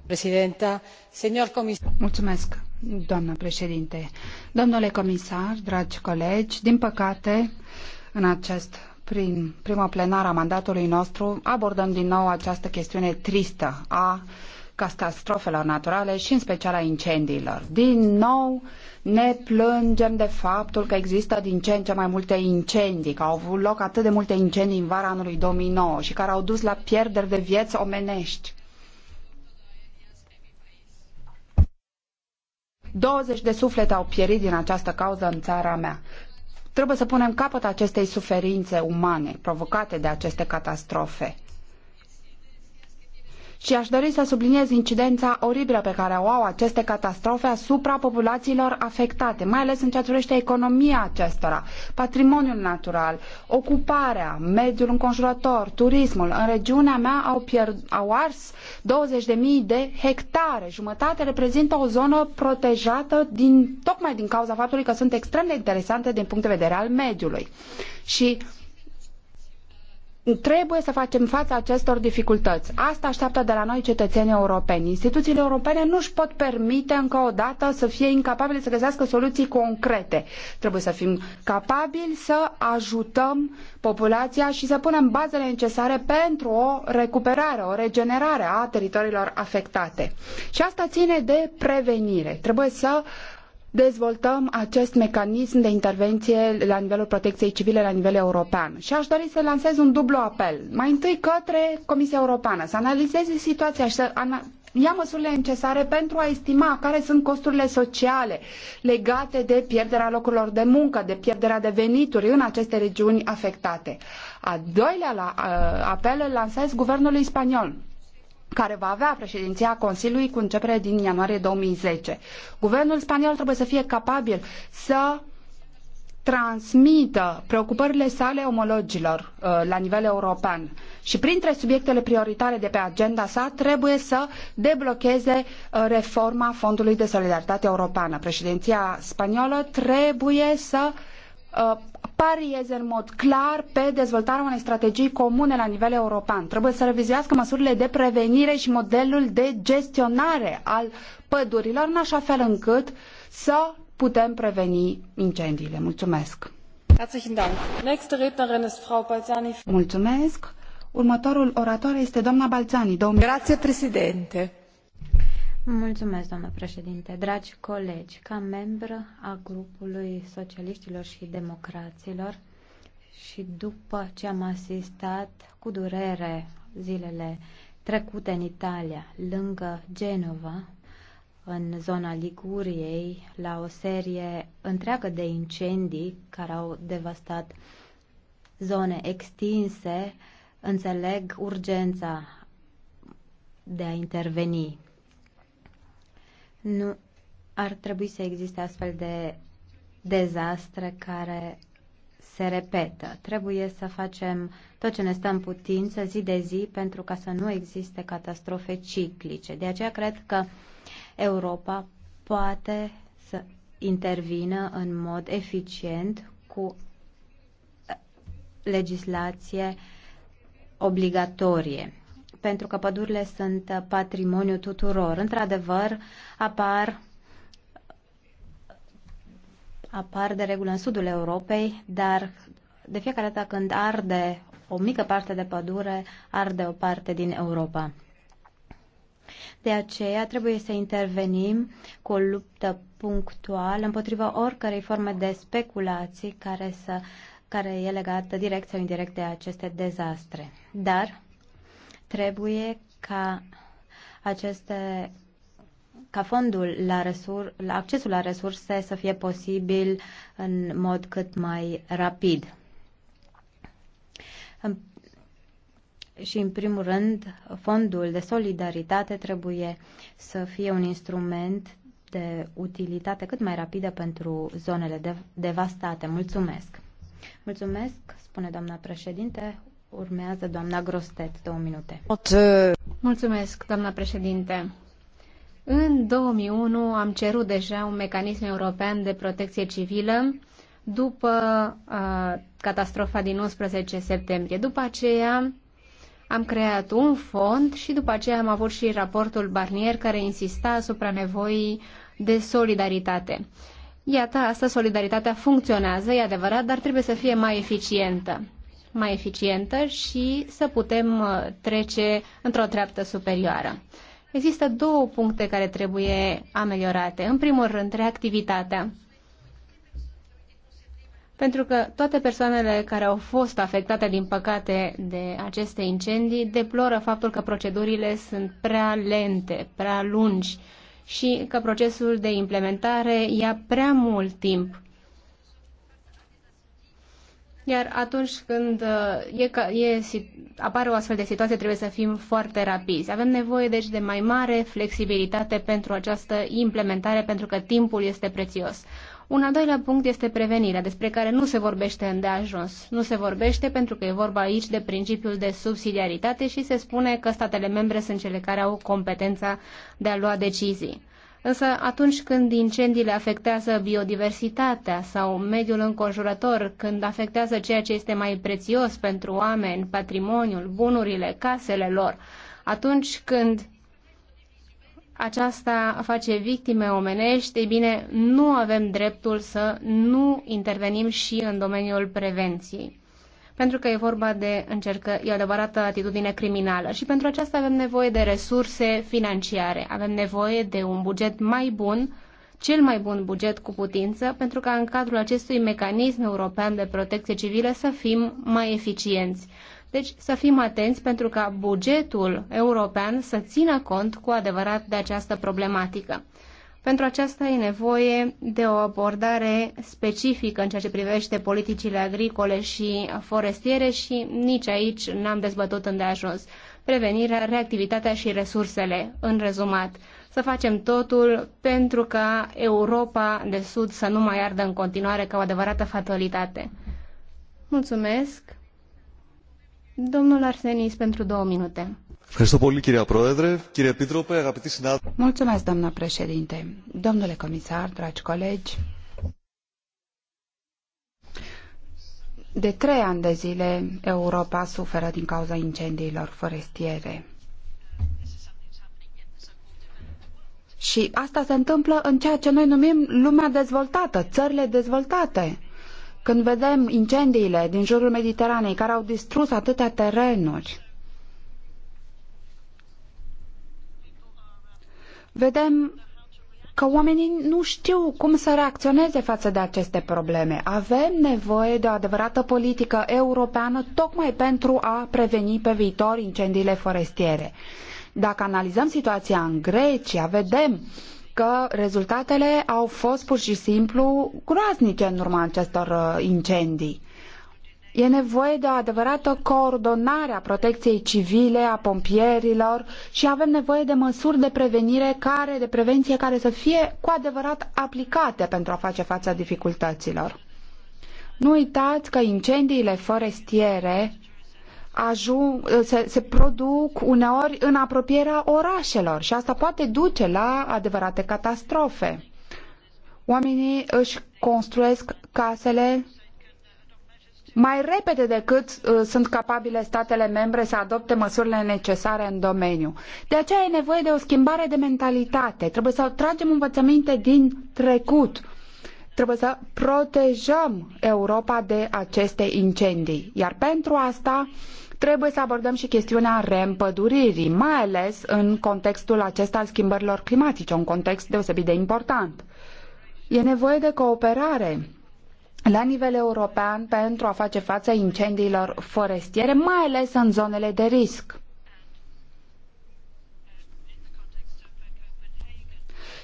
Președinte, senior comisar. Mulțumesc, doamna președinte. Domnule comisar, dragi colegi, din păcate, în acest prin prima plenară a mandatului nostru abordăm din nou această chestiune tristă a catastrofelor naturale și în special a incendiilor. Din nou ne plângem de faptul că există din ce în ce mai multe incendii, că au avut loc atât de multe incendii în vara anului 2009 și care au dus la pierderi de vieți omenești. 20 de suflete au pierit din această cauză în țara mea. Trebuie să punem capăt acestei suferințe umane provocate de aceste catastrofe și aș dori să subliniez incidența oribilă pe care o au aceste catastrofe asupra populațiilor afectate, mai ales în ceea ce privește economia acestora, patrimoniul natural, ocuparea, mediul înconjurător, turismul. În regiunea mea au, pierd- au ars 20.000 de hectare. Jumătate reprezintă o zonă protejată din, tocmai din cauza faptului că sunt extrem de interesante din punct de vedere al mediului. Și Trebuie să facem față acestor dificultăți. Asta așteaptă de la noi cetățenii europeni. Instituțiile europene nu își pot permite încă o dată să fie incapabile să găsească soluții concrete. Trebuie să fim capabili să ajutăm populația și să punem bazele necesare pentru o recuperare, o regenerare a teritoriilor afectate. Și asta ține de prevenire. Trebuie să uh, dezvoltăm acest mecanism de intervenție la nivelul protecției civile la nivel european. Și aș dori să lansez un dublu apel. Mai întâi către Comisia Europeană, să analizeze situația și să ia măsurile necesare pentru a estima care sunt costurile sociale legate de pierderea locurilor de muncă, de pierderea de venituri în aceste regiuni afectate. A doilea apel îl lansez guvernului spaniol care va avea președinția Consiliului cu începere din ianuarie 2010. Guvernul spaniol trebuie să fie capabil să transmită preocupările sale omologilor uh, la nivel european și printre subiectele prioritare de pe agenda sa trebuie să deblocheze uh, reforma Fondului de Solidaritate Europeană. Președinția spaniolă trebuie să uh, Uh, parieze în mod clar pe dezvoltarea unei strategii comune la nivel european. Trebuie să revizuiască măsurile de prevenire și modelul de gestionare al pădurilor, în așa fel încât să putem preveni incendiile. Mulțumesc! Mulțumesc! Următorul orator este doamna Balzani. Domn... președinte! Mulțumesc, doamnă președinte. Dragi colegi, ca membru a grupului socialiștilor și democraților și după ce am asistat cu durere zilele trecute în Italia, lângă Genova, în zona Liguriei, la o serie întreagă de incendii care au devastat zone extinse, înțeleg urgența de a interveni nu ar trebui să existe astfel de dezastre care se repetă. Trebuie să facem tot ce ne stă în putință zi de zi pentru ca să nu existe catastrofe ciclice. De aceea cred că Europa poate să intervină în mod eficient cu legislație obligatorie pentru că pădurile sunt patrimoniu tuturor. Într-adevăr, apar apar de regulă în sudul Europei, dar de fiecare dată când arde o mică parte de pădure, arde o parte din Europa. De aceea trebuie să intervenim cu o luptă punctuală împotriva oricărei forme de speculații care, să, care e legată direct sau indirect de aceste dezastre. Dar Trebuie ca aceste ca fondul la, resur, la accesul la resurse să fie posibil în mod cât mai rapid. În, și în primul rând, fondul de solidaritate trebuie să fie un instrument de utilitate cât mai rapidă pentru zonele de, devastate. Mulțumesc! Mulțumesc, spune doamna președinte. Urmează doamna Grostet, două minute. Uh, Mulțumesc, doamna președinte. În 2001 am cerut deja un mecanism european de protecție civilă după uh, catastrofa din 11 septembrie. După aceea am creat un fond și după aceea am avut și raportul Barnier care insista asupra nevoii de solidaritate. Iată, asta solidaritatea funcționează, e adevărat, dar trebuie să fie mai eficientă mai eficientă și să putem uh, trece într-o treaptă superioară. Există două puncte care trebuie ameliorate. În primul rând, reactivitatea. Pentru că toate persoanele care au fost afectate, din păcate, de aceste incendii deploră faptul că procedurile sunt prea lente, prea lungi și că procesul de implementare ia prea mult timp. Iar atunci când uh, e, e, apare o astfel de situație, trebuie să fim foarte rapizi. Avem nevoie, deci, de mai mare flexibilitate pentru această implementare, pentru că timpul este prețios. Un al doilea punct este prevenirea, despre care nu se vorbește îndeajuns. Nu se vorbește pentru că e vorba aici de principiul de subsidiaritate și se spune că statele membre sunt cele care au competența de a lua decizii. Însă atunci când incendiile afectează biodiversitatea sau mediul înconjurător, când afectează ceea ce este mai prețios pentru oameni, patrimoniul, bunurile, casele lor, atunci când aceasta face victime omenești, ei bine, nu avem dreptul să nu intervenim și în domeniul prevenției pentru că e vorba de încercă, e o adevărată atitudine criminală și pentru aceasta avem nevoie de resurse financiare, avem nevoie de un buget mai bun, cel mai bun buget cu putință, pentru ca în cadrul acestui mecanism european de protecție civilă să fim mai eficienți. Deci să fim atenți pentru ca bugetul european să țină cont cu adevărat de această problematică. Pentru aceasta e nevoie de o abordare specifică în ceea ce privește politicile agricole și forestiere și nici aici n-am dezbătut îndeajuns. Prevenirea, reactivitatea și resursele, în rezumat. Să facem totul pentru ca Europa de Sud să nu mai ardă în continuare ca o adevărată fatalitate. Mulțumesc. Domnul Arsenis, pentru două minute. Mulțumesc, doamnă președinte. Domnule comisar, dragi colegi, de trei ani de zile Europa suferă din cauza incendiilor forestiere. Și asta se întâmplă în ceea ce noi numim lumea dezvoltată, țările dezvoltate. Când vedem incendiile din jurul Mediteranei care au distrus atâtea terenuri, vedem că oamenii nu știu cum să reacționeze față de aceste probleme. Avem nevoie de o adevărată politică europeană tocmai pentru a preveni pe viitor incendiile forestiere. Dacă analizăm situația în Grecia, vedem că rezultatele au fost pur și simplu groaznice în urma acestor uh, incendii. E nevoie de o adevărată coordonare a protecției civile, a pompierilor și avem nevoie de măsuri de prevenire care, de prevenție care să fie cu adevărat aplicate pentru a face față dificultăților. Nu uitați că incendiile forestiere ajung, se, se produc uneori în apropierea orașelor și asta poate duce la adevărate catastrofe. Oamenii își construiesc casele mai repede decât uh, sunt capabile statele membre să adopte măsurile necesare în domeniu. De aceea e nevoie de o schimbare de mentalitate. Trebuie să tragem învățăminte din trecut. Trebuie să protejăm Europa de aceste incendii. Iar pentru asta trebuie să abordăm și chestiunea reîmpăduririi, mai ales în contextul acesta al schimbărilor climatice, un context deosebit de important. E nevoie de cooperare la nivel european pentru a face față incendiilor forestiere, mai ales în zonele de risc.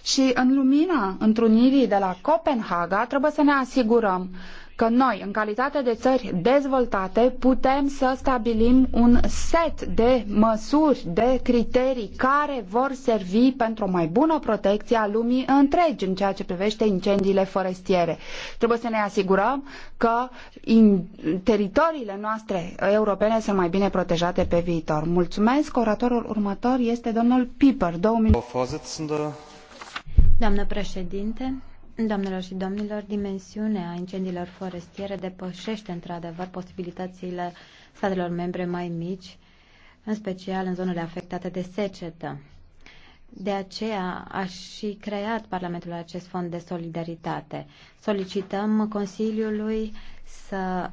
Și în lumina întrunirii de la Copenhaga trebuie să ne asigurăm că noi, în calitate de țări dezvoltate, putem să stabilim un set de măsuri, de criterii care vor servi pentru o mai bună protecție a lumii întregi în ceea ce privește incendiile forestiere. Trebuie să ne asigurăm că teritoriile noastre europene sunt mai bine protejate pe viitor. Mulțumesc. Oratorul următor este domnul Piper. Doamnă președinte, Doamnelor și domnilor, dimensiunea incendiilor forestiere depășește într-adevăr posibilitățile statelor membre mai mici, în special în zonele afectate de secetă. De aceea a și creat Parlamentul acest fond de solidaritate. Solicităm Consiliului să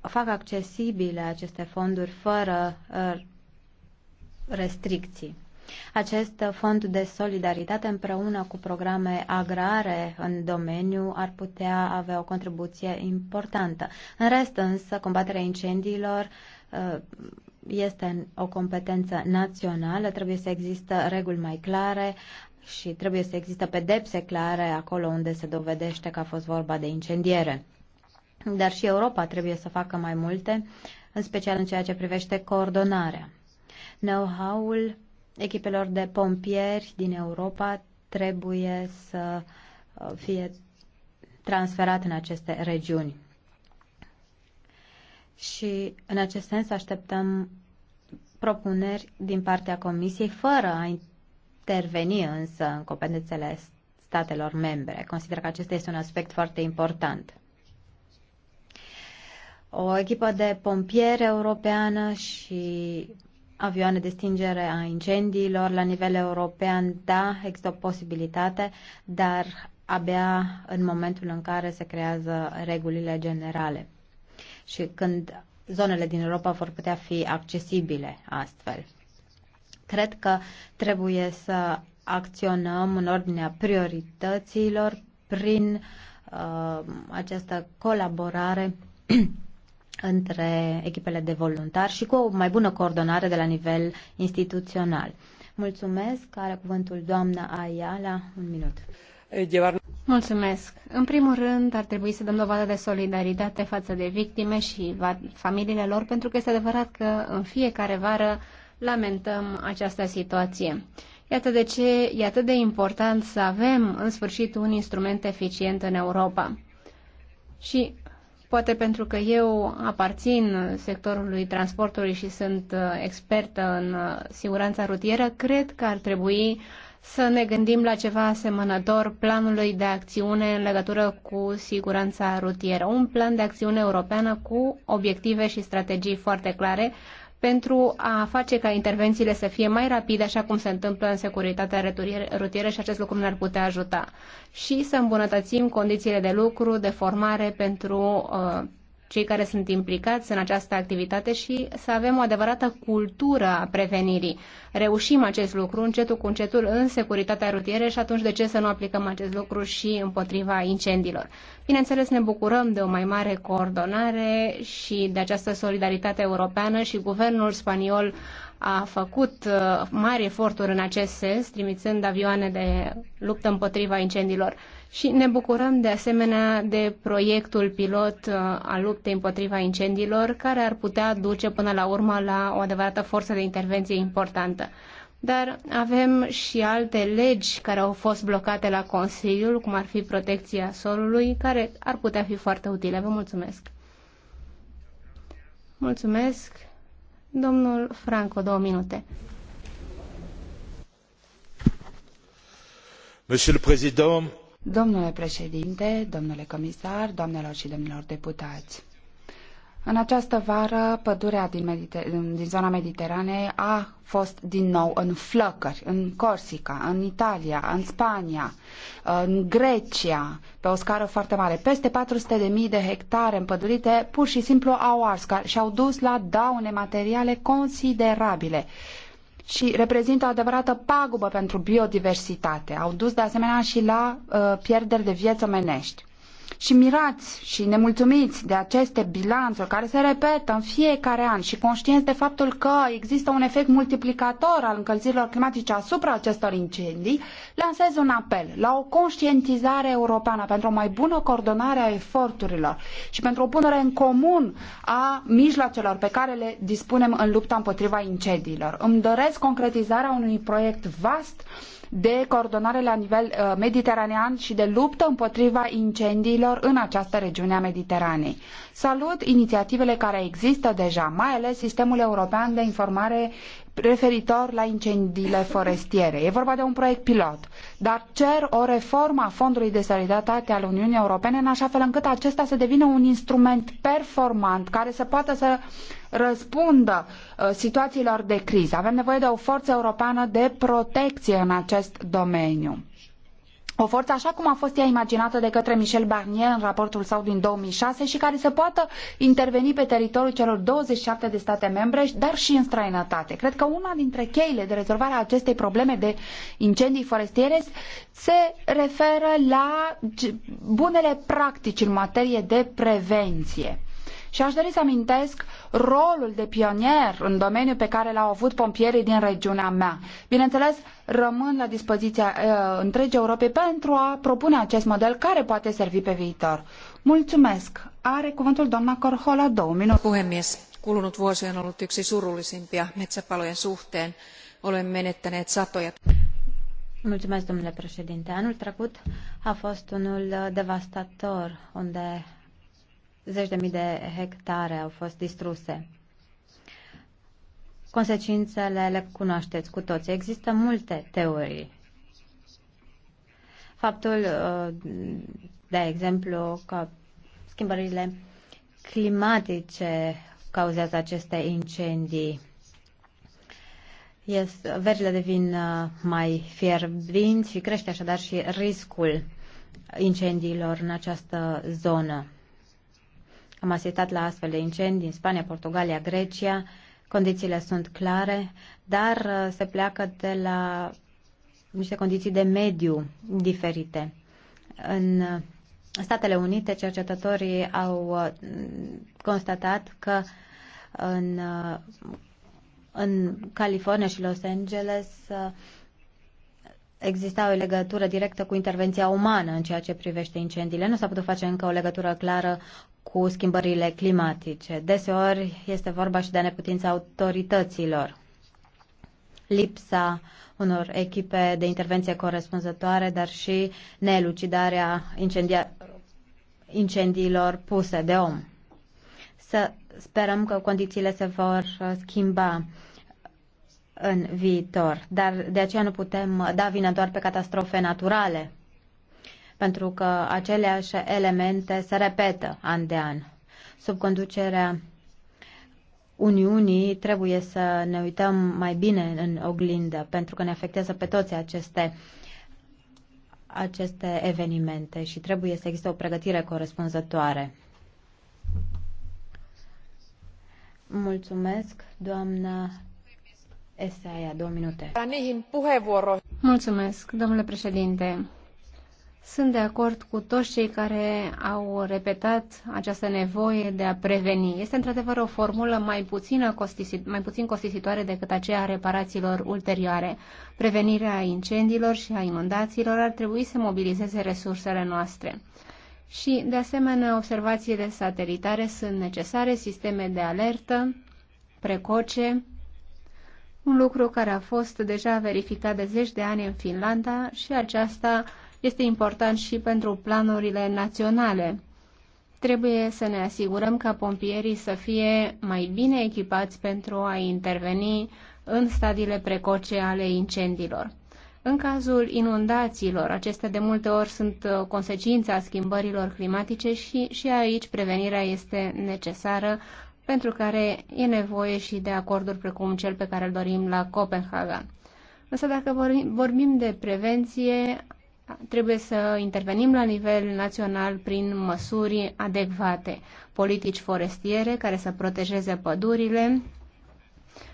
facă accesibile aceste fonduri fără uh, restricții. Acest fond de solidaritate împreună cu programe agrare în domeniu ar putea avea o contribuție importantă. În rest însă, combaterea incendiilor uh, este o competență națională, trebuie să există reguli mai clare și trebuie să există pedepse clare acolo unde se dovedește că a fost vorba de incendiere. Dar și Europa trebuie să facă mai multe, în special în ceea ce privește coordonarea. Know-how-ul echipelor de pompieri din Europa trebuie să uh, fie transferat în aceste regiuni. Și în acest sens așteptăm propuneri din partea Comisiei fără a interveni însă în competențele statelor membre. Consider că acesta este un aspect foarte important. O echipă de pompieri europeană și avioane de stingere a incendiilor la nivel european, da, există o posibilitate, dar abia în momentul în care se creează regulile generale și când zonele din Europa vor putea fi accesibile astfel. Cred că trebuie să acționăm în ordinea priorităților prin uh, această colaborare între echipele de voluntari și cu o mai bună coordonare de la nivel instituțional. Mulțumesc. Are cuvântul doamna Ayala. Un minut. Eh, Mulțumesc. În primul rând, ar trebui să dăm dovadă de solidaritate față de victime și familiile lor, pentru că este adevărat că în fiecare vară lamentăm această situație. Iată de ce e atât de important să avem, în sfârșit, un instrument eficient în Europa. Și Poate pentru că eu aparțin sectorului transportului și sunt uh, expertă în uh, siguranța rutieră, cred că ar trebui să ne gândim la ceva asemănător planului de acțiune în legătură cu siguranța rutieră. Un plan de acțiune europeană cu obiective și strategii foarte clare pentru a face ca intervențiile să fie mai rapide, așa cum se întâmplă în securitatea rutieră și acest lucru ne-ar putea ajuta. Și să îmbunătățim condițiile de lucru, de formare pentru uh, cei care sunt implicați în această activitate și să avem o adevărată cultură a prevenirii. Reușim acest lucru încetul cu încetul în securitatea rutieră și atunci de ce să nu aplicăm acest lucru și împotriva incendiilor? Bineînțeles, ne bucurăm de o mai mare coordonare și de această solidaritate europeană și guvernul spaniol a făcut uh, mari eforturi în acest sens, trimițând avioane de luptă împotriva incendiilor. Și ne bucurăm de asemenea de proiectul pilot uh, al luptei împotriva incendiilor, care ar putea duce până la urmă la o adevărată forță de intervenție importantă. Dar avem și alte legi care au fost blocate la Consiliul, cum ar fi protecția solului, care ar putea fi foarte utile. Vă mulțumesc! Mulțumesc! Domnul Franco, două minute. Monsieur le Président, Domnule președinte, domnule comisar, doamnelor și domnilor deputați, în această vară, pădurea din, Mediter- din zona Mediteranei a fost din nou în flăcări, în Corsica, în Italia, în Spania, în Grecia, pe o scară foarte mare. Peste 400.000 de hectare împădurite pur și simplu au ars și au dus la daune materiale considerabile și reprezintă o adevărată pagubă pentru biodiversitate. Au dus de asemenea și la uh, pierderi de vieți omenești și mirați și nemulțumiți de aceste bilanțuri care se repetă în fiecare an și conștienți de faptul că există un efect multiplicator al încălzirilor climatice asupra acestor incendii, lansez un apel la o conștientizare europeană pentru o mai bună coordonare a eforturilor și pentru o punere în comun a mijloacelor pe care le dispunem în lupta împotriva incendiilor. Îmi doresc concretizarea unui proiect vast de coordonare la nivel uh, mediteranean și de luptă împotriva incendiilor în această regiune a Mediteranei. Salut inițiativele care există deja, mai ales sistemul european de informare referitor la incendiile forestiere. E vorba de un proiect pilot, dar cer o reformă a Fondului de Solidaritate al Uniunii Europene în așa fel încât acesta să devină un instrument performant care să poată să răspundă uh, situațiilor de criză. Avem nevoie de o forță europeană de protecție în acest domeniu. O forță așa cum a fost ea imaginată de către Michel Barnier în raportul său din 2006 și care să poată interveni pe teritoriul celor 27 de state membre, dar și în străinătate. Cred că una dintre cheile de rezolvare a acestei probleme de incendii forestiere se referă la bunele practici în materie de prevenție. Și aș dori să amintesc rolul de pionier în domeniul pe care l-au avut pompierii din regiunea mea. Bineînțeles, rămân la dispoziția uh, întregii Europei pentru a propune acest model care poate servi pe viitor. Mulțumesc! Are cuvântul doamna Corhola două minute. Puhemies, kulunut vuosi on ollut yksi surullisimpia metsäpalojen suhteen. Olemme menettäneet satoja. Mulțumesc, domnule președinte. Anul trecut a fost unul devastator, unde zeci de mii de hectare au fost distruse. Consecințele le cunoașteți cu toții. Există multe teorii. Faptul, uh, de exemplu, că schimbările climatice cauzează aceste incendii. Yes, verile devin uh, mai fierbinți și crește așadar și riscul incendiilor în această zonă. Am asistat la astfel de incendii în Spania, Portugalia, Grecia. Condițiile sunt clare, dar uh, se pleacă de la niște condiții de mediu diferite. În uh, Statele Unite, cercetătorii au uh, constatat că în, în California și Los Angeles exista o legătură directă cu intervenția umană în ceea ce privește incendiile. Nu s-a putut face încă o legătură clară cu schimbările climatice. Deseori este vorba și de neputința autorităților. Lipsa unor echipe de intervenție corespunzătoare, dar și nelucidarea incendia- incendiilor puse de om. Să sperăm că condițiile se vor schimba în viitor, dar de aceea nu putem da vina doar pe catastrofe naturale pentru că aceleași elemente se repetă an de an. Sub conducerea Uniunii trebuie să ne uităm mai bine în oglindă, pentru că ne afectează pe toți aceste aceste evenimente și trebuie să existe o pregătire corespunzătoare. Mulțumesc, doamna Esaia, două minute. Mulțumesc, domnule președinte. Sunt de acord cu toți cei care au repetat această nevoie de a preveni. Este într-adevăr o formulă mai, puțină costisit, mai puțin costisitoare decât aceea a reparațiilor ulterioare. Prevenirea incendiilor și a inundațiilor ar trebui să mobilizeze resursele noastre. Și, de asemenea, observațiile satelitare sunt necesare, sisteme de alertă precoce, un lucru care a fost deja verificat de zeci de ani în Finlanda și aceasta este important și pentru planurile naționale. Trebuie să ne asigurăm ca pompierii să fie mai bine echipați pentru a interveni în stadiile precoce ale incendiilor. În cazul inundațiilor, acestea de multe ori sunt uh, consecința schimbărilor climatice și, și aici prevenirea este necesară, pentru care e nevoie și de acorduri precum cel pe care îl dorim la Copenhaga. Însă dacă vorbim de prevenție, trebuie să intervenim la nivel național prin măsuri adecvate, politici forestiere care să protejeze pădurile,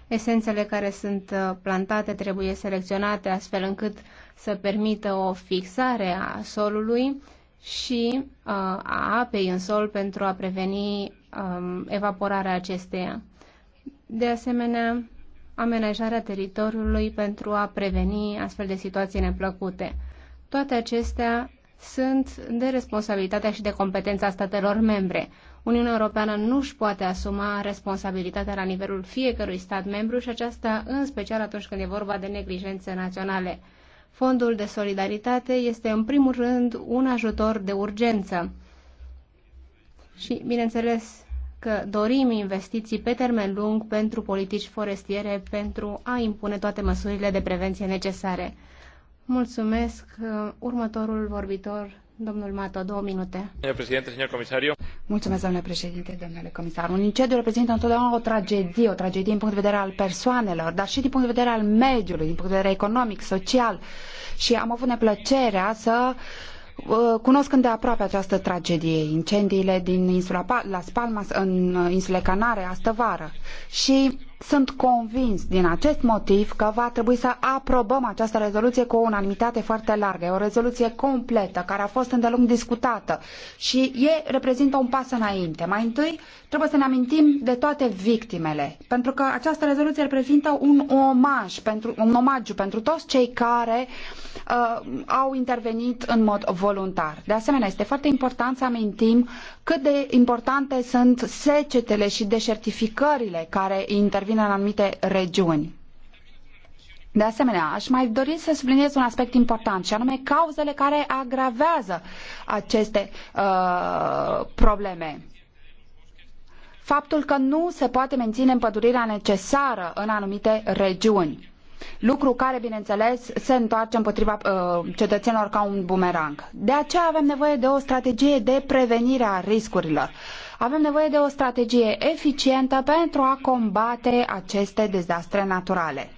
esențele care sunt uh, plantate trebuie selecționate astfel încât să permită o fixare a solului și uh, a apei în sol pentru a preveni um, evaporarea acesteia. De asemenea, amenajarea teritoriului pentru a preveni astfel de situații neplăcute. Toate acestea sunt de responsabilitatea și de competența statelor membre. Uniunea Europeană nu își poate asuma responsabilitatea la nivelul fiecărui stat membru și aceasta în special atunci când e vorba de neglijențe naționale. Fondul de solidaritate este în primul rând un ajutor de urgență. Și, bineînțeles, că dorim investiții pe termen lung pentru politici forestiere pentru a impune toate măsurile de prevenție necesare. Mulțumesc. Uh, următorul vorbitor, domnul Mato, două minute. Mulțumesc, domnule președinte, domnule comisar. Un incendiu reprezintă întotdeauna o tragedie, o tragedie din punct de vedere al persoanelor, dar și din punct de vedere al mediului, din punct de vedere economic, social. Și am avut neplăcerea să uh, cunosc îndeaproape această tragedie, incendiile din insula Las Palmas, în uh, insule Canare, astă vară. Și sunt convins din acest motiv că va trebui să aprobăm această rezoluție cu o unanimitate foarte largă. E o rezoluție completă, care a fost îndelung discutată și e, reprezintă un pas înainte. Mai întâi, trebuie să ne amintim de toate victimele, pentru că această rezoluție reprezintă un omaj pentru, un omagiu pentru toți cei care uh, au intervenit în mod voluntar. De asemenea, este foarte important să amintim cât de importante sunt secetele și deșertificările care intervin intervine în anumite regiuni. De asemenea, aș mai dori să subliniez un aspect important, și anume cauzele care agravează aceste uh, probleme faptul că nu se poate menține împădurirea necesară în anumite regiuni. Lucru care, bineînțeles, se întoarce împotriva uh, cetățenilor ca un bumerang. De aceea avem nevoie de o strategie de prevenire a riscurilor. Uh, avem nevoie de o strategie eficientă pentru a combate aceste dezastre naturale.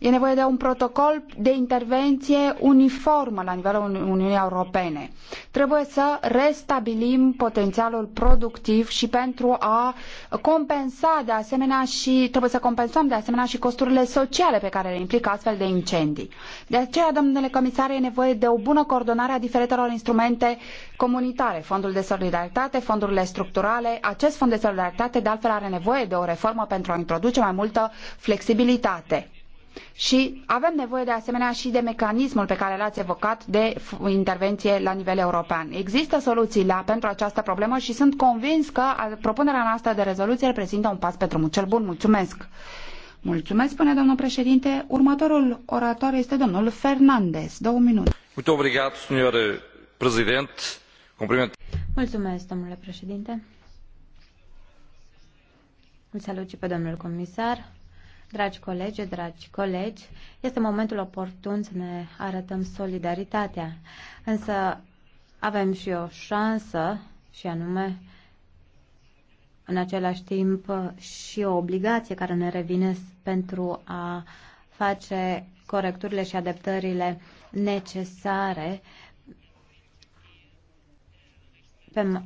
E nevoie de un protocol de intervenție uniformă la nivelul Uniunii Europene. Trebuie să restabilim potențialul productiv și pentru a compensa de asemenea și trebuie să compensăm de asemenea și costurile sociale pe care le implică astfel de incendii. De aceea, domnule comisar, e nevoie de o bună coordonare a diferitelor instrumente comunitare, fondul de solidaritate, fondurile structurale. Acest fond de solidaritate de altfel are nevoie de o reformă pentru a introduce mai multă flexibilitate. Și avem nevoie de asemenea și de mecanismul pe care l-ați evocat de intervenție la nivel european. Există soluții la, pentru această problemă și sunt convins că propunerea noastră de rezoluție reprezintă un pas pe drumul cel bun. Mulțumesc! Mulțumesc, spune domnul președinte. Următorul orator este domnul Fernandez. Două minute. Mulțumesc, obrigado, senhor Mulțumesc, domnule președinte. Îl salut și pe domnul comisar. Dragi colegi, dragi colegi, este momentul oportun să ne arătăm solidaritatea. Însă avem și o șansă, și anume, în același timp, și o obligație care ne revine pentru a face corecturile și adaptările necesare pe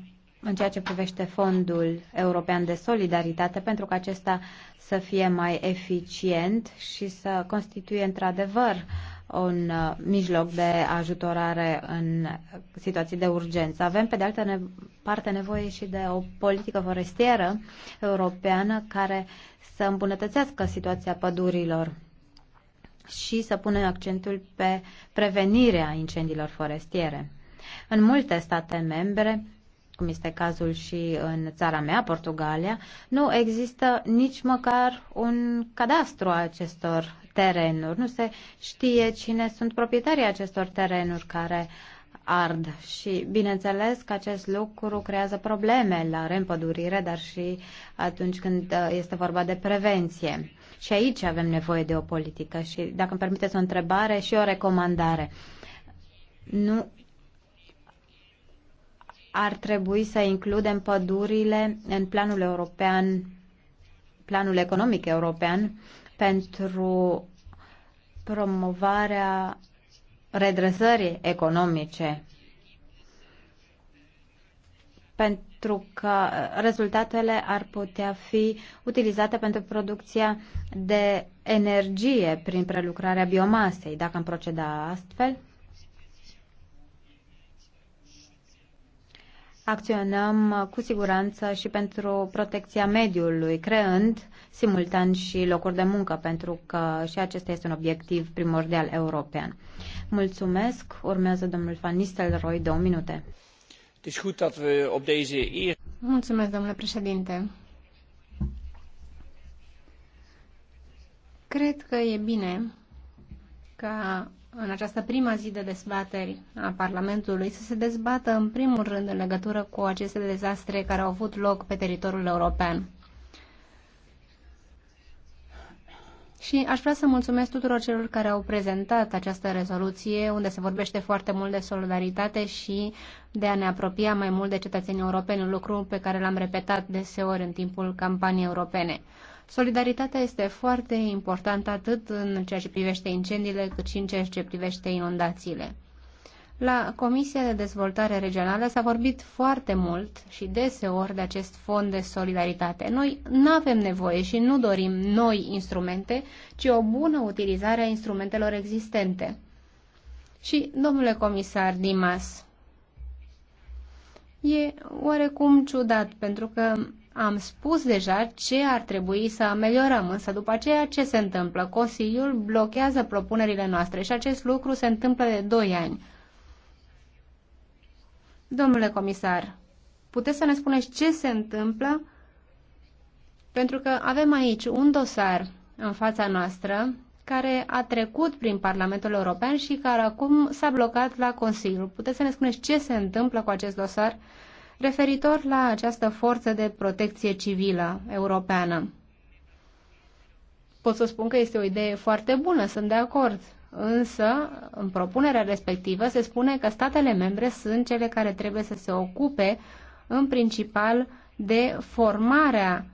în ceea ce privește Fondul European de Solidaritate pentru că acesta să fie mai eficient și să constituie într-adevăr un uh, mijloc de ajutorare în situații de urgență. Avem, pe de altă parte, nevoie și de o politică forestieră europeană care să îmbunătățească situația pădurilor și să pună accentul pe prevenirea incendiilor forestiere. În multe state membre, cum este cazul și în țara mea, Portugalia, nu există nici măcar un cadastru a acestor terenuri. Nu se știe cine sunt proprietarii acestor terenuri care ard și bineînțeles că acest lucru creează probleme la reîmpădurire, dar și atunci când uh, este vorba de prevenție. Și aici avem nevoie de o politică și, dacă îmi permiteți o întrebare și o recomandare. Nu ar trebui să includem pădurile în planul european, planul economic european pentru promovarea redresării economice. Pentru că rezultatele ar putea fi utilizate pentru producția de energie prin prelucrarea biomasei, dacă am proceda astfel acționăm uh, cu siguranță și pentru protecția mediului, creând simultan și locuri de muncă, pentru că și acesta este un obiectiv primordial european. Mulțumesc. Urmează domnul Van Nistelrooy, două minute. Mulțumesc, domnule președinte. Cred că e bine ca în această prima zi de dezbateri a Parlamentului să se dezbată în primul rând în legătură cu aceste dezastre care au avut loc pe teritoriul european. Și aș vrea să mulțumesc tuturor celor care au prezentat această rezoluție, unde se vorbește foarte mult de solidaritate și de a ne apropia mai mult de cetățenii europeni, un lucru pe care l-am repetat deseori în timpul campaniei europene. Solidaritatea este foarte importantă atât în ceea ce privește incendiile, cât și în ceea ce privește inundațiile. La Comisia de Dezvoltare Regională s-a vorbit foarte mult și deseori de acest fond de solidaritate. Noi nu avem nevoie și nu dorim noi instrumente, ci o bună utilizare a instrumentelor existente. Și, domnule comisar Dimas, e oarecum ciudat, pentru că am spus deja ce ar trebui să ameliorăm, însă după aceea ce se întâmplă? Consiliul blochează propunerile noastre și acest lucru se întâmplă de 2 ani. Domnule comisar, puteți să ne spuneți ce se întâmplă? Pentru că avem aici un dosar în fața noastră care a trecut prin Parlamentul European și care acum s-a blocat la Consiliu. Puteți să ne spuneți ce se întâmplă cu acest dosar? referitor la această forță de protecție civilă europeană. Pot să spun că este o idee foarte bună, sunt de acord, însă în propunerea respectivă se spune că statele membre sunt cele care trebuie să se ocupe în principal de formarea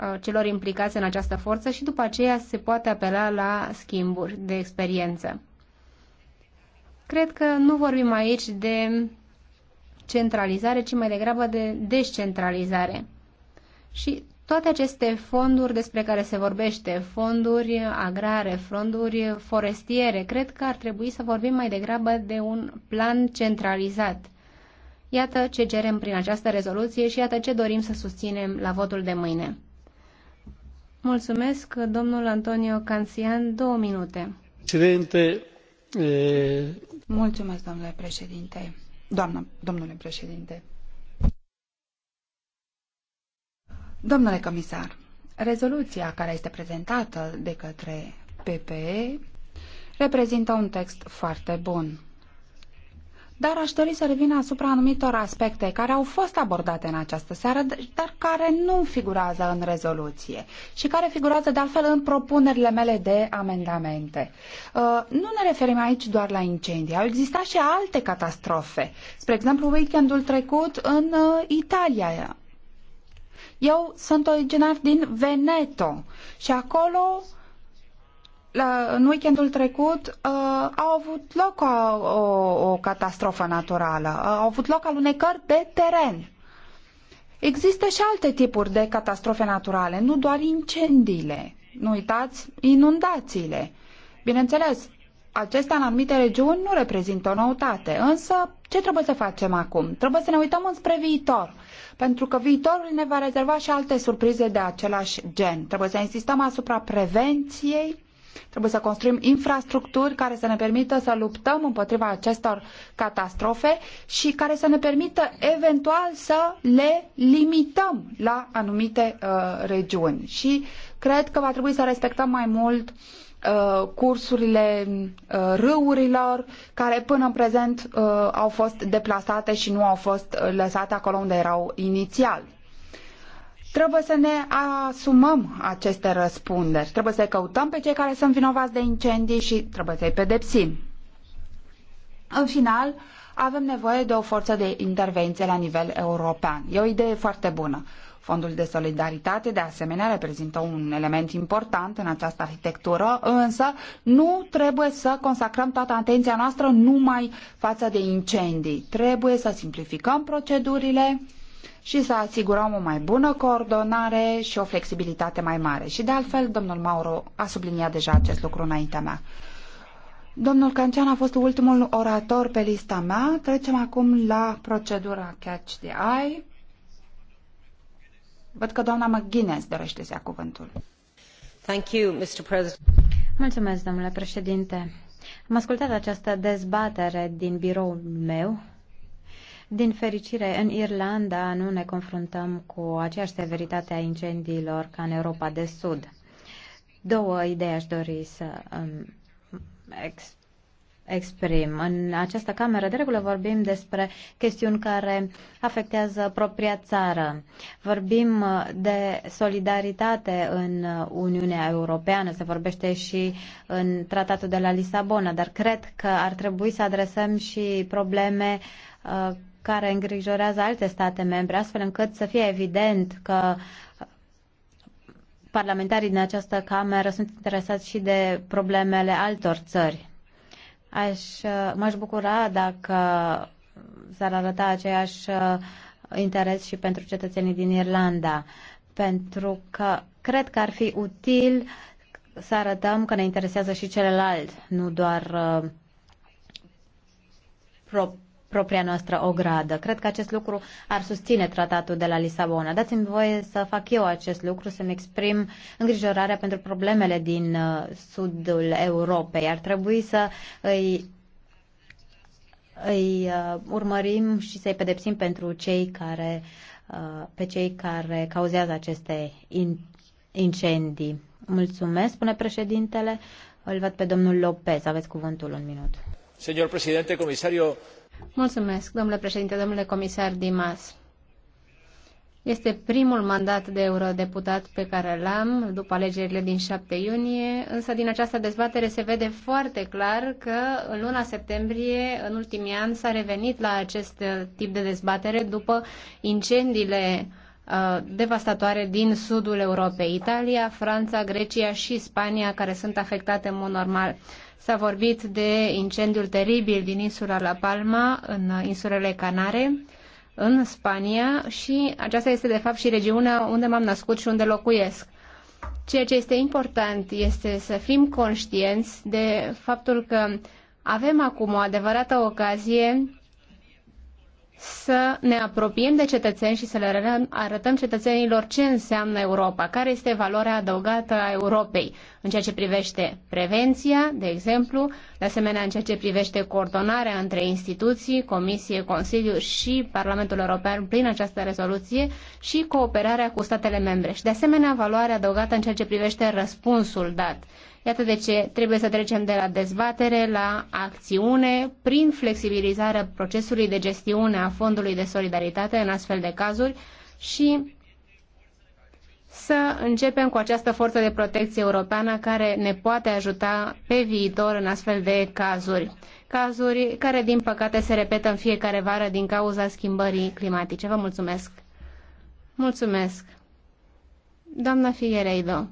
uh, celor implicați în această forță și după aceea se poate apela la schimburi de experiență. Cred că nu vorbim aici de centralizare, ci mai degrabă de descentralizare. Și toate aceste fonduri despre care se vorbește, fonduri agrare, fonduri forestiere, cred că ar trebui să vorbim mai degrabă de un plan centralizat. Iată ce cerem prin această rezoluție și iată ce dorim să susținem la votul de mâine. Mulțumesc, domnul Antonio Cansian, două minute. Președinte, e... Eh, Mulțumesc, domnule președinte. Doamnă, domnule președinte. Domnule comisar, rezoluția care este prezentată de către PPE reprezintă un text foarte bun dar aș dori să revin asupra anumitor aspecte care au fost abordate în această seară, dar care nu figurează în rezoluție și care figurează de altfel în propunerile mele de amendamente. Uh, nu ne referim aici doar la incendii, au existat și alte catastrofe. Spre exemplu, weekendul trecut în uh, Italia. Eu sunt originar din Veneto și acolo la, în weekendul trecut uh, a avut loc o, o, o catastrofă naturală, uh, au avut loc alunecări de teren. Există și alte tipuri de catastrofe naturale, nu doar incendiile. Nu uitați, inundațiile. Bineînțeles, acestea în anumite regiuni nu reprezintă o noutate, însă ce trebuie să facem acum? Trebuie să ne uităm înspre viitor, pentru că viitorul ne va rezerva și alte surprize de același gen. Trebuie să insistăm asupra prevenției, Trebuie să construim infrastructuri care să ne permită să luptăm împotriva acestor catastrofe și care să ne permită eventual să le limităm la anumite uh, regiuni. Și cred că va trebui să respectăm mai mult uh, cursurile uh, râurilor care până în prezent uh, au fost deplasate și nu au fost lăsate acolo unde erau inițial. Trebuie să ne asumăm aceste răspunderi, trebuie să-i căutăm pe cei care sunt vinovați de incendii și trebuie să-i pedepsim. În final, avem nevoie de o forță de intervenție la nivel european. E o idee foarte bună. Fondul de solidaritate, de asemenea, reprezintă un element important în această arhitectură, însă nu trebuie să consacrăm toată atenția noastră numai față de incendii. Trebuie să simplificăm procedurile, și să asigurăm o mai bună coordonare și o flexibilitate mai mare. Și de altfel, domnul Mauro a subliniat deja acest lucru înaintea mea. Domnul Cancian a fost ultimul orator pe lista mea. Trecem acum la procedura Catch the Eye. Văd că doamna McGuinness dorește să ia cuvântul. Thank you, Mr. President. Mulțumesc, domnule președinte. Am ascultat această dezbatere din biroul meu din fericire, în Irlanda nu ne confruntăm cu aceeași severitate a incendiilor ca în Europa de Sud. Două idei aș dori să um, ex, exprim. În această cameră, de regulă, vorbim despre chestiuni care afectează propria țară. Vorbim uh, de solidaritate în uh, Uniunea Europeană, se vorbește și în tratatul de la Lisabona, dar cred că ar trebui să adresăm și probleme uh, care îngrijorează alte state membre, astfel încât să fie evident că parlamentarii din această cameră sunt interesați și de problemele altor țări. Aș, m-aș bucura dacă s-ar arăta aceeași uh, interes și pentru cetățenii din Irlanda, pentru că cred că ar fi util să arătăm că ne interesează și celălalt, nu doar uh, propria noastră ogradă. Cred că acest lucru ar susține tratatul de la Lisabona. Dați-mi voie să fac eu acest lucru, să-mi exprim îngrijorarea pentru problemele din uh, sudul Europei. Ar trebui să îi îi uh, urmărim și să-i pedepsim pentru cei care, uh, pe cei care cauzează aceste in- incendii. Mulțumesc, spune președintele. Îl văd pe domnul Lopez. Aveți cuvântul un minut. Señor presidente, comisario, Mulțumesc, domnule președinte, domnule comisar Dimas. Este primul mandat de eurodeputat pe care l-am după alegerile din 7 iunie, însă din această dezbatere se vede foarte clar că în luna septembrie, în ultimii ani, s-a revenit la acest tip de dezbatere după incendiile Uh, devastatoare din sudul Europei, Italia, Franța, Grecia și Spania, care sunt afectate în mod normal. S-a vorbit de incendiul teribil din insula La Palma, în insulele Canare, în Spania și aceasta este de fapt și regiunea unde m-am născut și unde locuiesc. Ceea ce este important este să fim conștienți de faptul că avem acum o adevărată ocazie să ne apropiem de cetățeni și să le arătăm cetățenilor ce înseamnă Europa, care este valoarea adăugată a Europei în ceea ce privește prevenția, de exemplu, de asemenea în ceea ce privește coordonarea între instituții, Comisie, Consiliu și Parlamentul European prin această rezoluție și cooperarea cu statele membre și de asemenea valoarea adăugată în ceea ce privește răspunsul dat. Iată de ce trebuie să trecem de la dezbatere la acțiune prin flexibilizarea procesului de gestiune a Fondului de Solidaritate în astfel de cazuri și să începem cu această forță de protecție europeană care ne poate ajuta pe viitor în astfel de cazuri. Cazuri care, din păcate, se repetă în fiecare vară din cauza schimbării climatice. Vă mulțumesc! Mulțumesc! Doamna Figueiredo,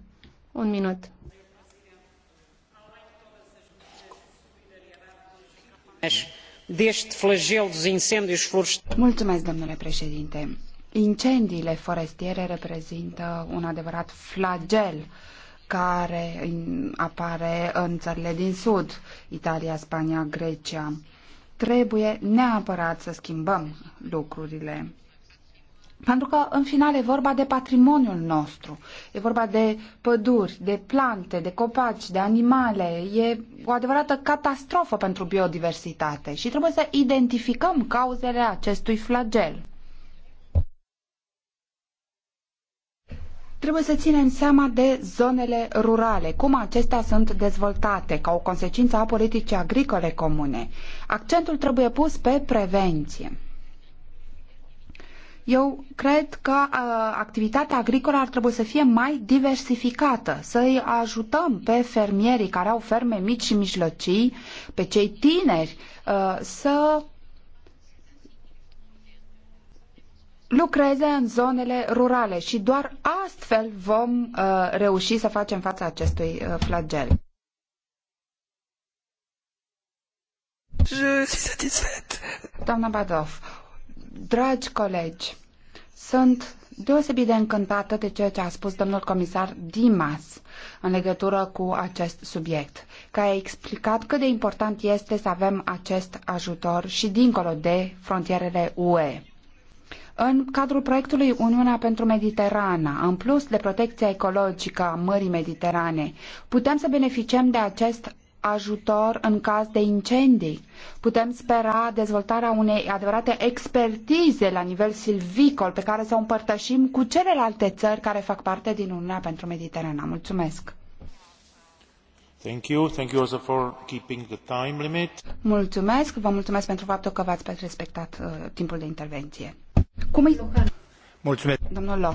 un minut. deste flagel dos incêndios florestais. Mulțumesc, Incendiile forestiere reprezintă un adevărat flagel care apare în țările din sud, Italia, Spania, Grecia. Trebuie neapărat să schimbăm lucrurile. Pentru că, în final, e vorba de patrimoniul nostru, e vorba de păduri, de plante, de copaci, de animale. E o adevărată catastrofă pentru biodiversitate și trebuie să identificăm cauzele acestui flagel. Trebuie să ținem seama de zonele rurale, cum acestea sunt dezvoltate ca o consecință a politicii agricole comune. Accentul trebuie pus pe prevenție. Eu cred că uh, activitatea agricolă ar trebui să fie mai diversificată, să-i ajutăm pe fermierii care au ferme mici și mijlocii, pe cei tineri, uh, să lucreze în zonele rurale și doar astfel vom uh, reuși să facem față acestui uh, flagel. Je suis satisfaite. Doamna Badov, Dragi colegi, sunt deosebit de încântată de ceea ce a spus domnul comisar Dimas în legătură cu acest subiect, care a explicat cât de important este să avem acest ajutor și dincolo de frontierele UE. În cadrul proiectului Uniunea pentru Mediterana, în plus de protecția ecologică a Mării Mediterane, putem să beneficiem de acest ajutor în caz de incendii. Putem spera dezvoltarea unei adevărate expertize la nivel silvicol pe care să o împărtășim cu celelalte țări care fac parte din Uniunea pentru Mediterana. Mulțumesc! Thank you. Thank you also for keeping the time limit. Mulțumesc, vă mulțumesc pentru faptul că v-ați respectat uh, timpul de intervenție. Cum îi... Mulțumesc, Domnul Loh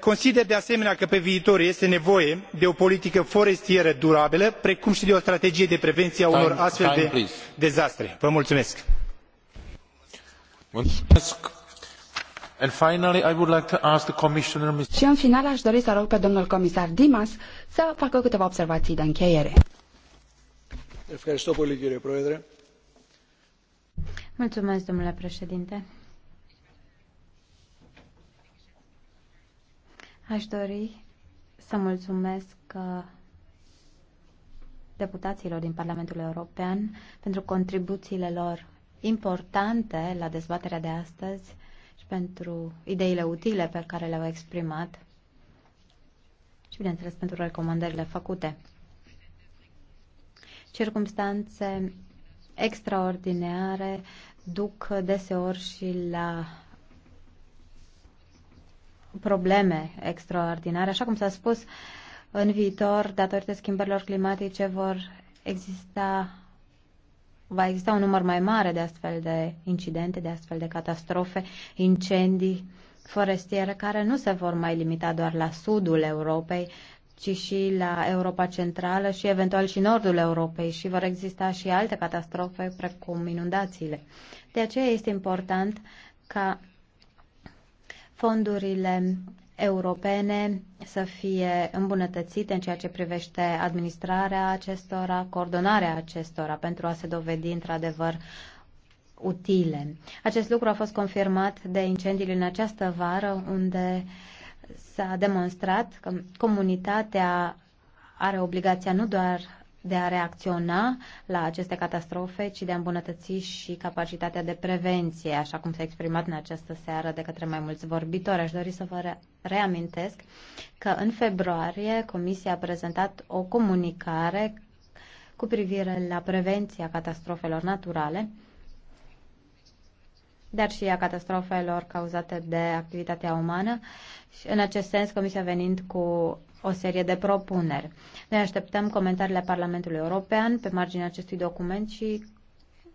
consider de asemenea că pe viitor este nevoie de o politică forestieră durabilă precum i de o strategie de prevenire a unor astfel de dezastre. mulțumesc. Și în final aș dori să rog pe domnul comisar Dimas să facă câteva observații de încheiere. Mulțumesc, domnule președinte. Aș dori să mulțumesc uh, deputaților din Parlamentul European pentru contribuțiile lor importante la dezbaterea de astăzi și pentru ideile utile pe care le-au exprimat și, bineînțeles, pentru recomandările făcute. Circumstanțe extraordinare duc deseori și la probleme extraordinare. Așa cum s-a spus, în viitor, datorită schimbărilor climatice, vor exista va exista un număr mai mare de astfel de incidente, de astfel de catastrofe, incendii forestiere care nu se vor mai limita doar la sudul Europei, ci și la Europa Centrală și eventual și nordul Europei și vor exista și alte catastrofe precum inundațiile. De aceea este important ca fondurile europene să fie îmbunătățite în ceea ce privește administrarea acestora, coordonarea acestora pentru a se dovedi într-adevăr utile. Acest lucru a fost confirmat de incendiile în această vară, unde s-a demonstrat că comunitatea are obligația nu doar de a reacționa la aceste catastrofe, ci de a îmbunătăți și capacitatea de prevenție, așa cum s-a exprimat în această seară de către mai mulți vorbitori. Aș dori să vă reamintesc că în februarie Comisia a prezentat o comunicare cu privire la prevenția catastrofelor naturale, dar și a catastrofelor cauzate de activitatea umană. În acest sens, Comisia venind cu o serie de propuneri. Noi așteptăm comentariile Parlamentului European pe marginea acestui document și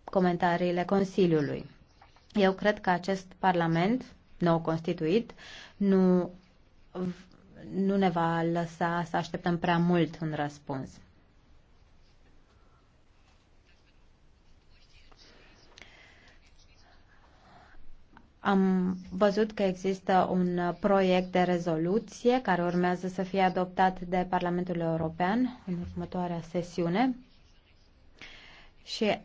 comentariile Consiliului. Eu cred că acest Parlament nou constituit nu, nu ne va lăsa să așteptăm prea mult un răspuns. Am văzut că există un proiect de rezoluție care urmează să fie adoptat de Parlamentul European în următoarea sesiune și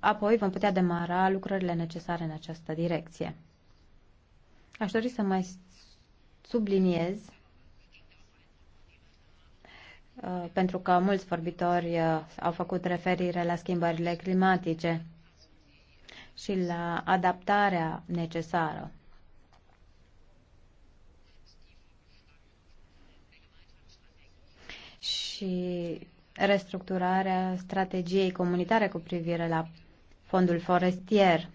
apoi vom putea demara lucrările necesare în această direcție. Aș dori să mai subliniez uh, pentru că mulți vorbitori uh, au făcut referire la schimbările climatice și la adaptarea necesară. Și restructurarea strategiei comunitare cu privire la fondul forestier.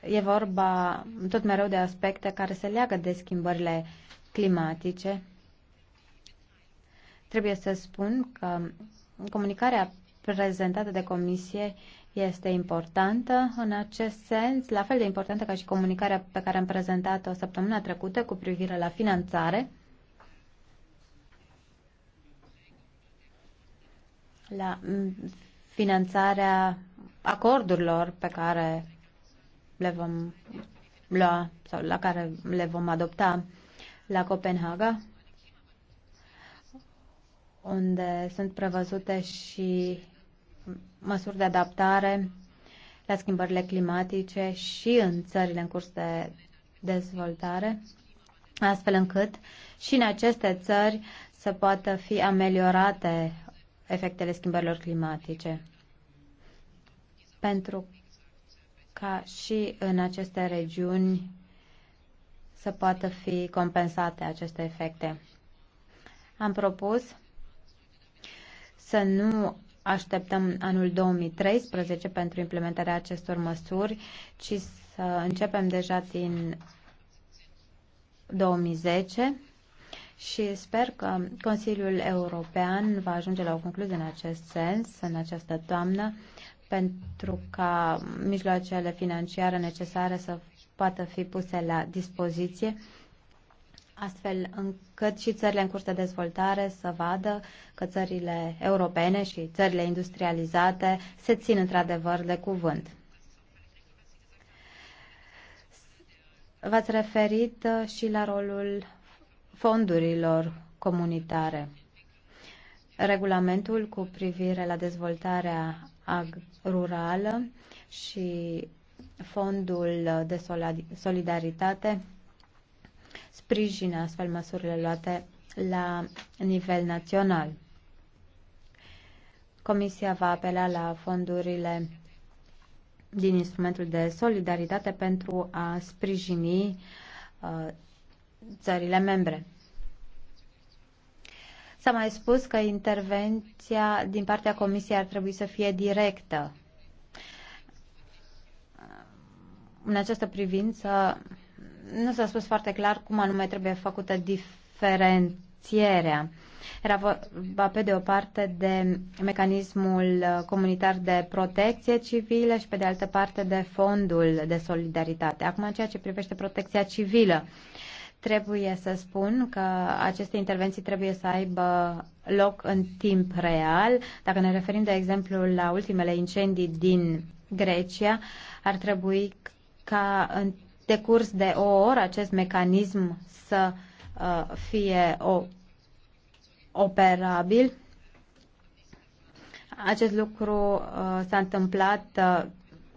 E vorba tot mereu de aspecte care se leagă de schimbările climatice. Trebuie să spun că comunicarea prezentată de comisie este importantă în acest sens, la fel de importantă ca și comunicarea pe care am prezentat-o săptămâna trecută cu privire la finanțare. la mm, finanțarea acordurilor pe care le vom lua sau la care le vom adopta la Copenhaga, unde sunt prevăzute și măsuri de adaptare la schimbările climatice și în țările în curs de dezvoltare, astfel încât și în aceste țări să poată fi ameliorate efectele schimbărilor climatice. Pentru ca și în aceste regiuni să poată fi compensate aceste efecte. Am propus să nu așteptăm anul 2013 pentru implementarea acestor măsuri, ci să începem deja din 2010 și sper că Consiliul European va ajunge la o concluzie în acest sens, în această toamnă, pentru ca mijloacele financiare necesare să poată fi puse la dispoziție astfel încât și țările în curs de dezvoltare să vadă că țările europene și țările industrializate se țin într-adevăr de cuvânt. V-ați referit uh, și la rolul fondurilor comunitare. Regulamentul cu privire la dezvoltarea rurală și fondul de solidaritate sprijină astfel măsurile luate la nivel național. Comisia va apela la fondurile din instrumentul de solidaritate pentru a sprijini uh, țările membre. S-a mai spus că intervenția din partea Comisiei ar trebui să fie directă. În această privință, nu s-a spus foarte clar cum anume trebuie făcută diferențierea. Era vorba pe de o parte de mecanismul comunitar de protecție civilă și pe de altă parte de fondul de solidaritate. Acum, în ceea ce privește protecția civilă, trebuie să spun că aceste intervenții trebuie să aibă loc în timp real. Dacă ne referim, de exemplu, la ultimele incendii din Grecia, ar trebui ca în decurs de o oră acest mecanism să uh, fie o operabil. Acest lucru uh, s-a întâmplat uh,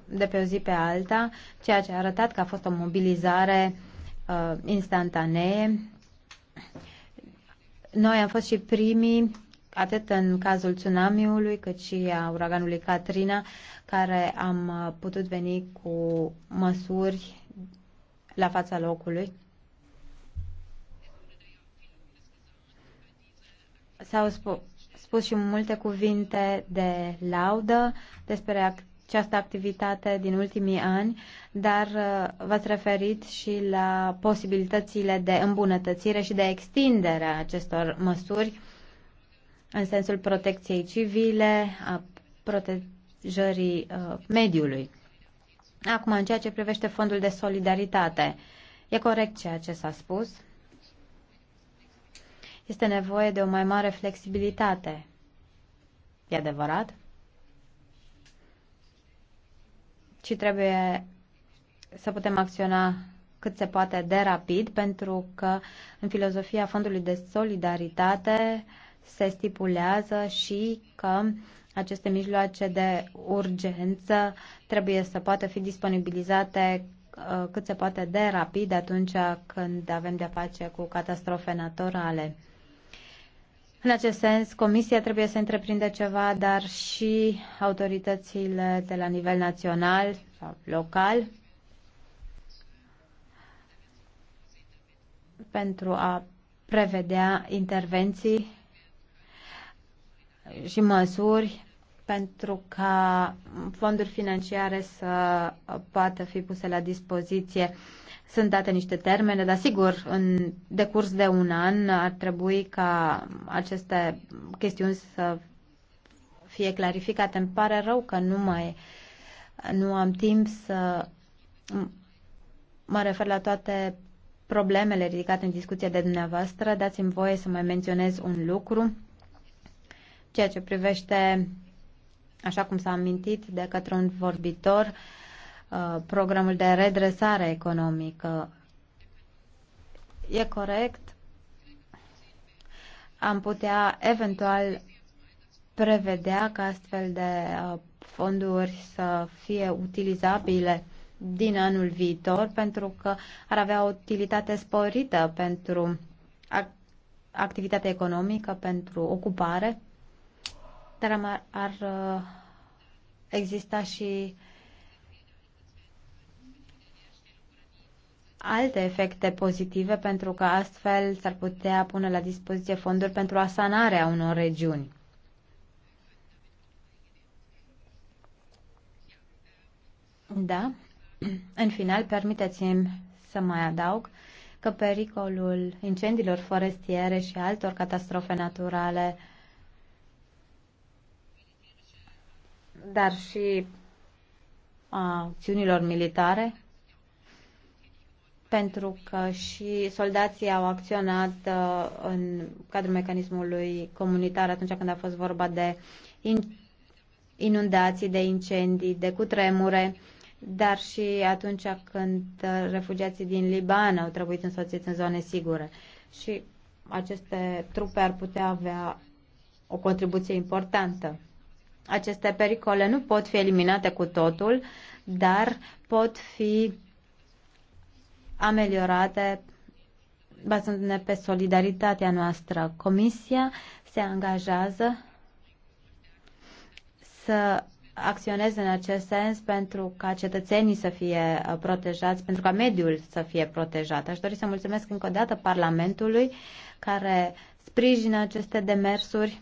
de pe o zi pe alta, ceea ce a arătat că a fost o mobilizare instantanee. Noi am fost și primii atât în cazul tsunamiului, cât și a uraganului Katrina, care am putut veni cu măsuri la fața locului. S-au sp- spus și multe cuvinte de laudă despre această activitate din ultimii ani, dar uh, v-ați referit și la posibilitățile de îmbunătățire și de extindere a acestor măsuri în sensul protecției civile, a protejării uh, mediului. Acum, în ceea ce privește fondul de solidaritate, e corect ceea ce s-a spus. Este nevoie de o mai mare flexibilitate. E adevărat? Și trebuie să putem acționa cât se poate de rapid, pentru că în filozofia fondului de solidaritate se stipulează și că uh, aceste mijloace de urgență trebuie să poată fi disponibilizate uh, cât se poate de rapid atunci când avem de-a face cu catastrofe naturale. În acest sens, Comisia trebuie să întreprinde ceva, dar și autoritățile de la nivel național sau local pentru a prevedea intervenții și măsuri pentru ca fonduri financiare să poată fi puse la dispoziție. Sunt date niște termene, dar sigur, în decurs de un an ar trebui ca aceste chestiuni să fie clarificate. Îmi pare rău că nu mai nu am timp să mă refer la toate problemele ridicate în discuția de dumneavoastră. Dați-mi voie să mai menționez un lucru ceea ce privește Așa cum s-a amintit de către un vorbitor, uh, programul de redresare economică. E corect? Am putea eventual prevedea că astfel de uh, fonduri să fie utilizabile din anul viitor pentru că ar avea o utilitate sporită pentru activitatea economică, pentru ocupare dar ar, ar uh, exista și alte efecte pozitive pentru că astfel s-ar putea pune la dispoziție fonduri pentru asanarea unor regiuni. Da. În final, permiteți-mi să mai adaug că pericolul incendiilor forestiere și altor catastrofe naturale dar și a acțiunilor militare, pentru că și soldații au acționat uh, în cadrul mecanismului comunitar atunci când a fost vorba de inundații, de incendii, de cutremure, dar și atunci când uh, refugiații din Liban au trebuit însoțiți în zone sigure. Și aceste trupe ar putea avea o contribuție importantă. Aceste pericole nu pot fi eliminate cu totul, dar pot fi ameliorate bazându-ne pe solidaritatea noastră. Comisia se angajează să acționeze în acest sens pentru ca cetățenii să fie uh, protejați, pentru ca mediul să fie protejat. Aș dori să mulțumesc încă o dată Parlamentului care sprijină aceste demersuri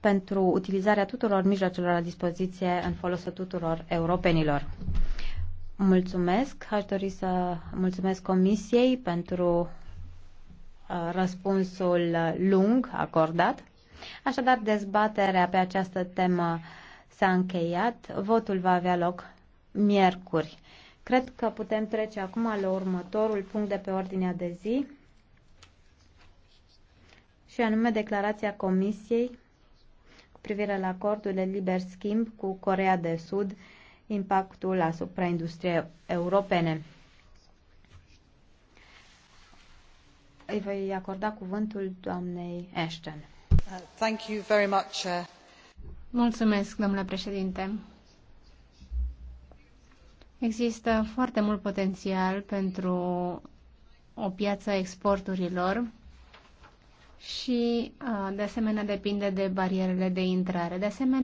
pentru utilizarea tuturor mijloacelor la dispoziție în folosul tuturor europenilor. Mulțumesc. Aș dori să mulțumesc Comisiei pentru uh, răspunsul lung acordat. Așadar, dezbaterea pe această temă s-a încheiat. Votul va avea loc miercuri. Cred că putem trece acum la următorul punct de pe ordinea de zi și anume declarația Comisiei privire la acordul de liber schimb cu Corea de Sud, impactul asupra industriei europene. Îi voi acorda cuvântul doamnei Ashton. Thank you very much. Mulțumesc, domnule președinte. Există foarte mult potențial pentru o piață a exporturilor și, uh, de asemenea, depinde de barierele de intrare. De asemenea,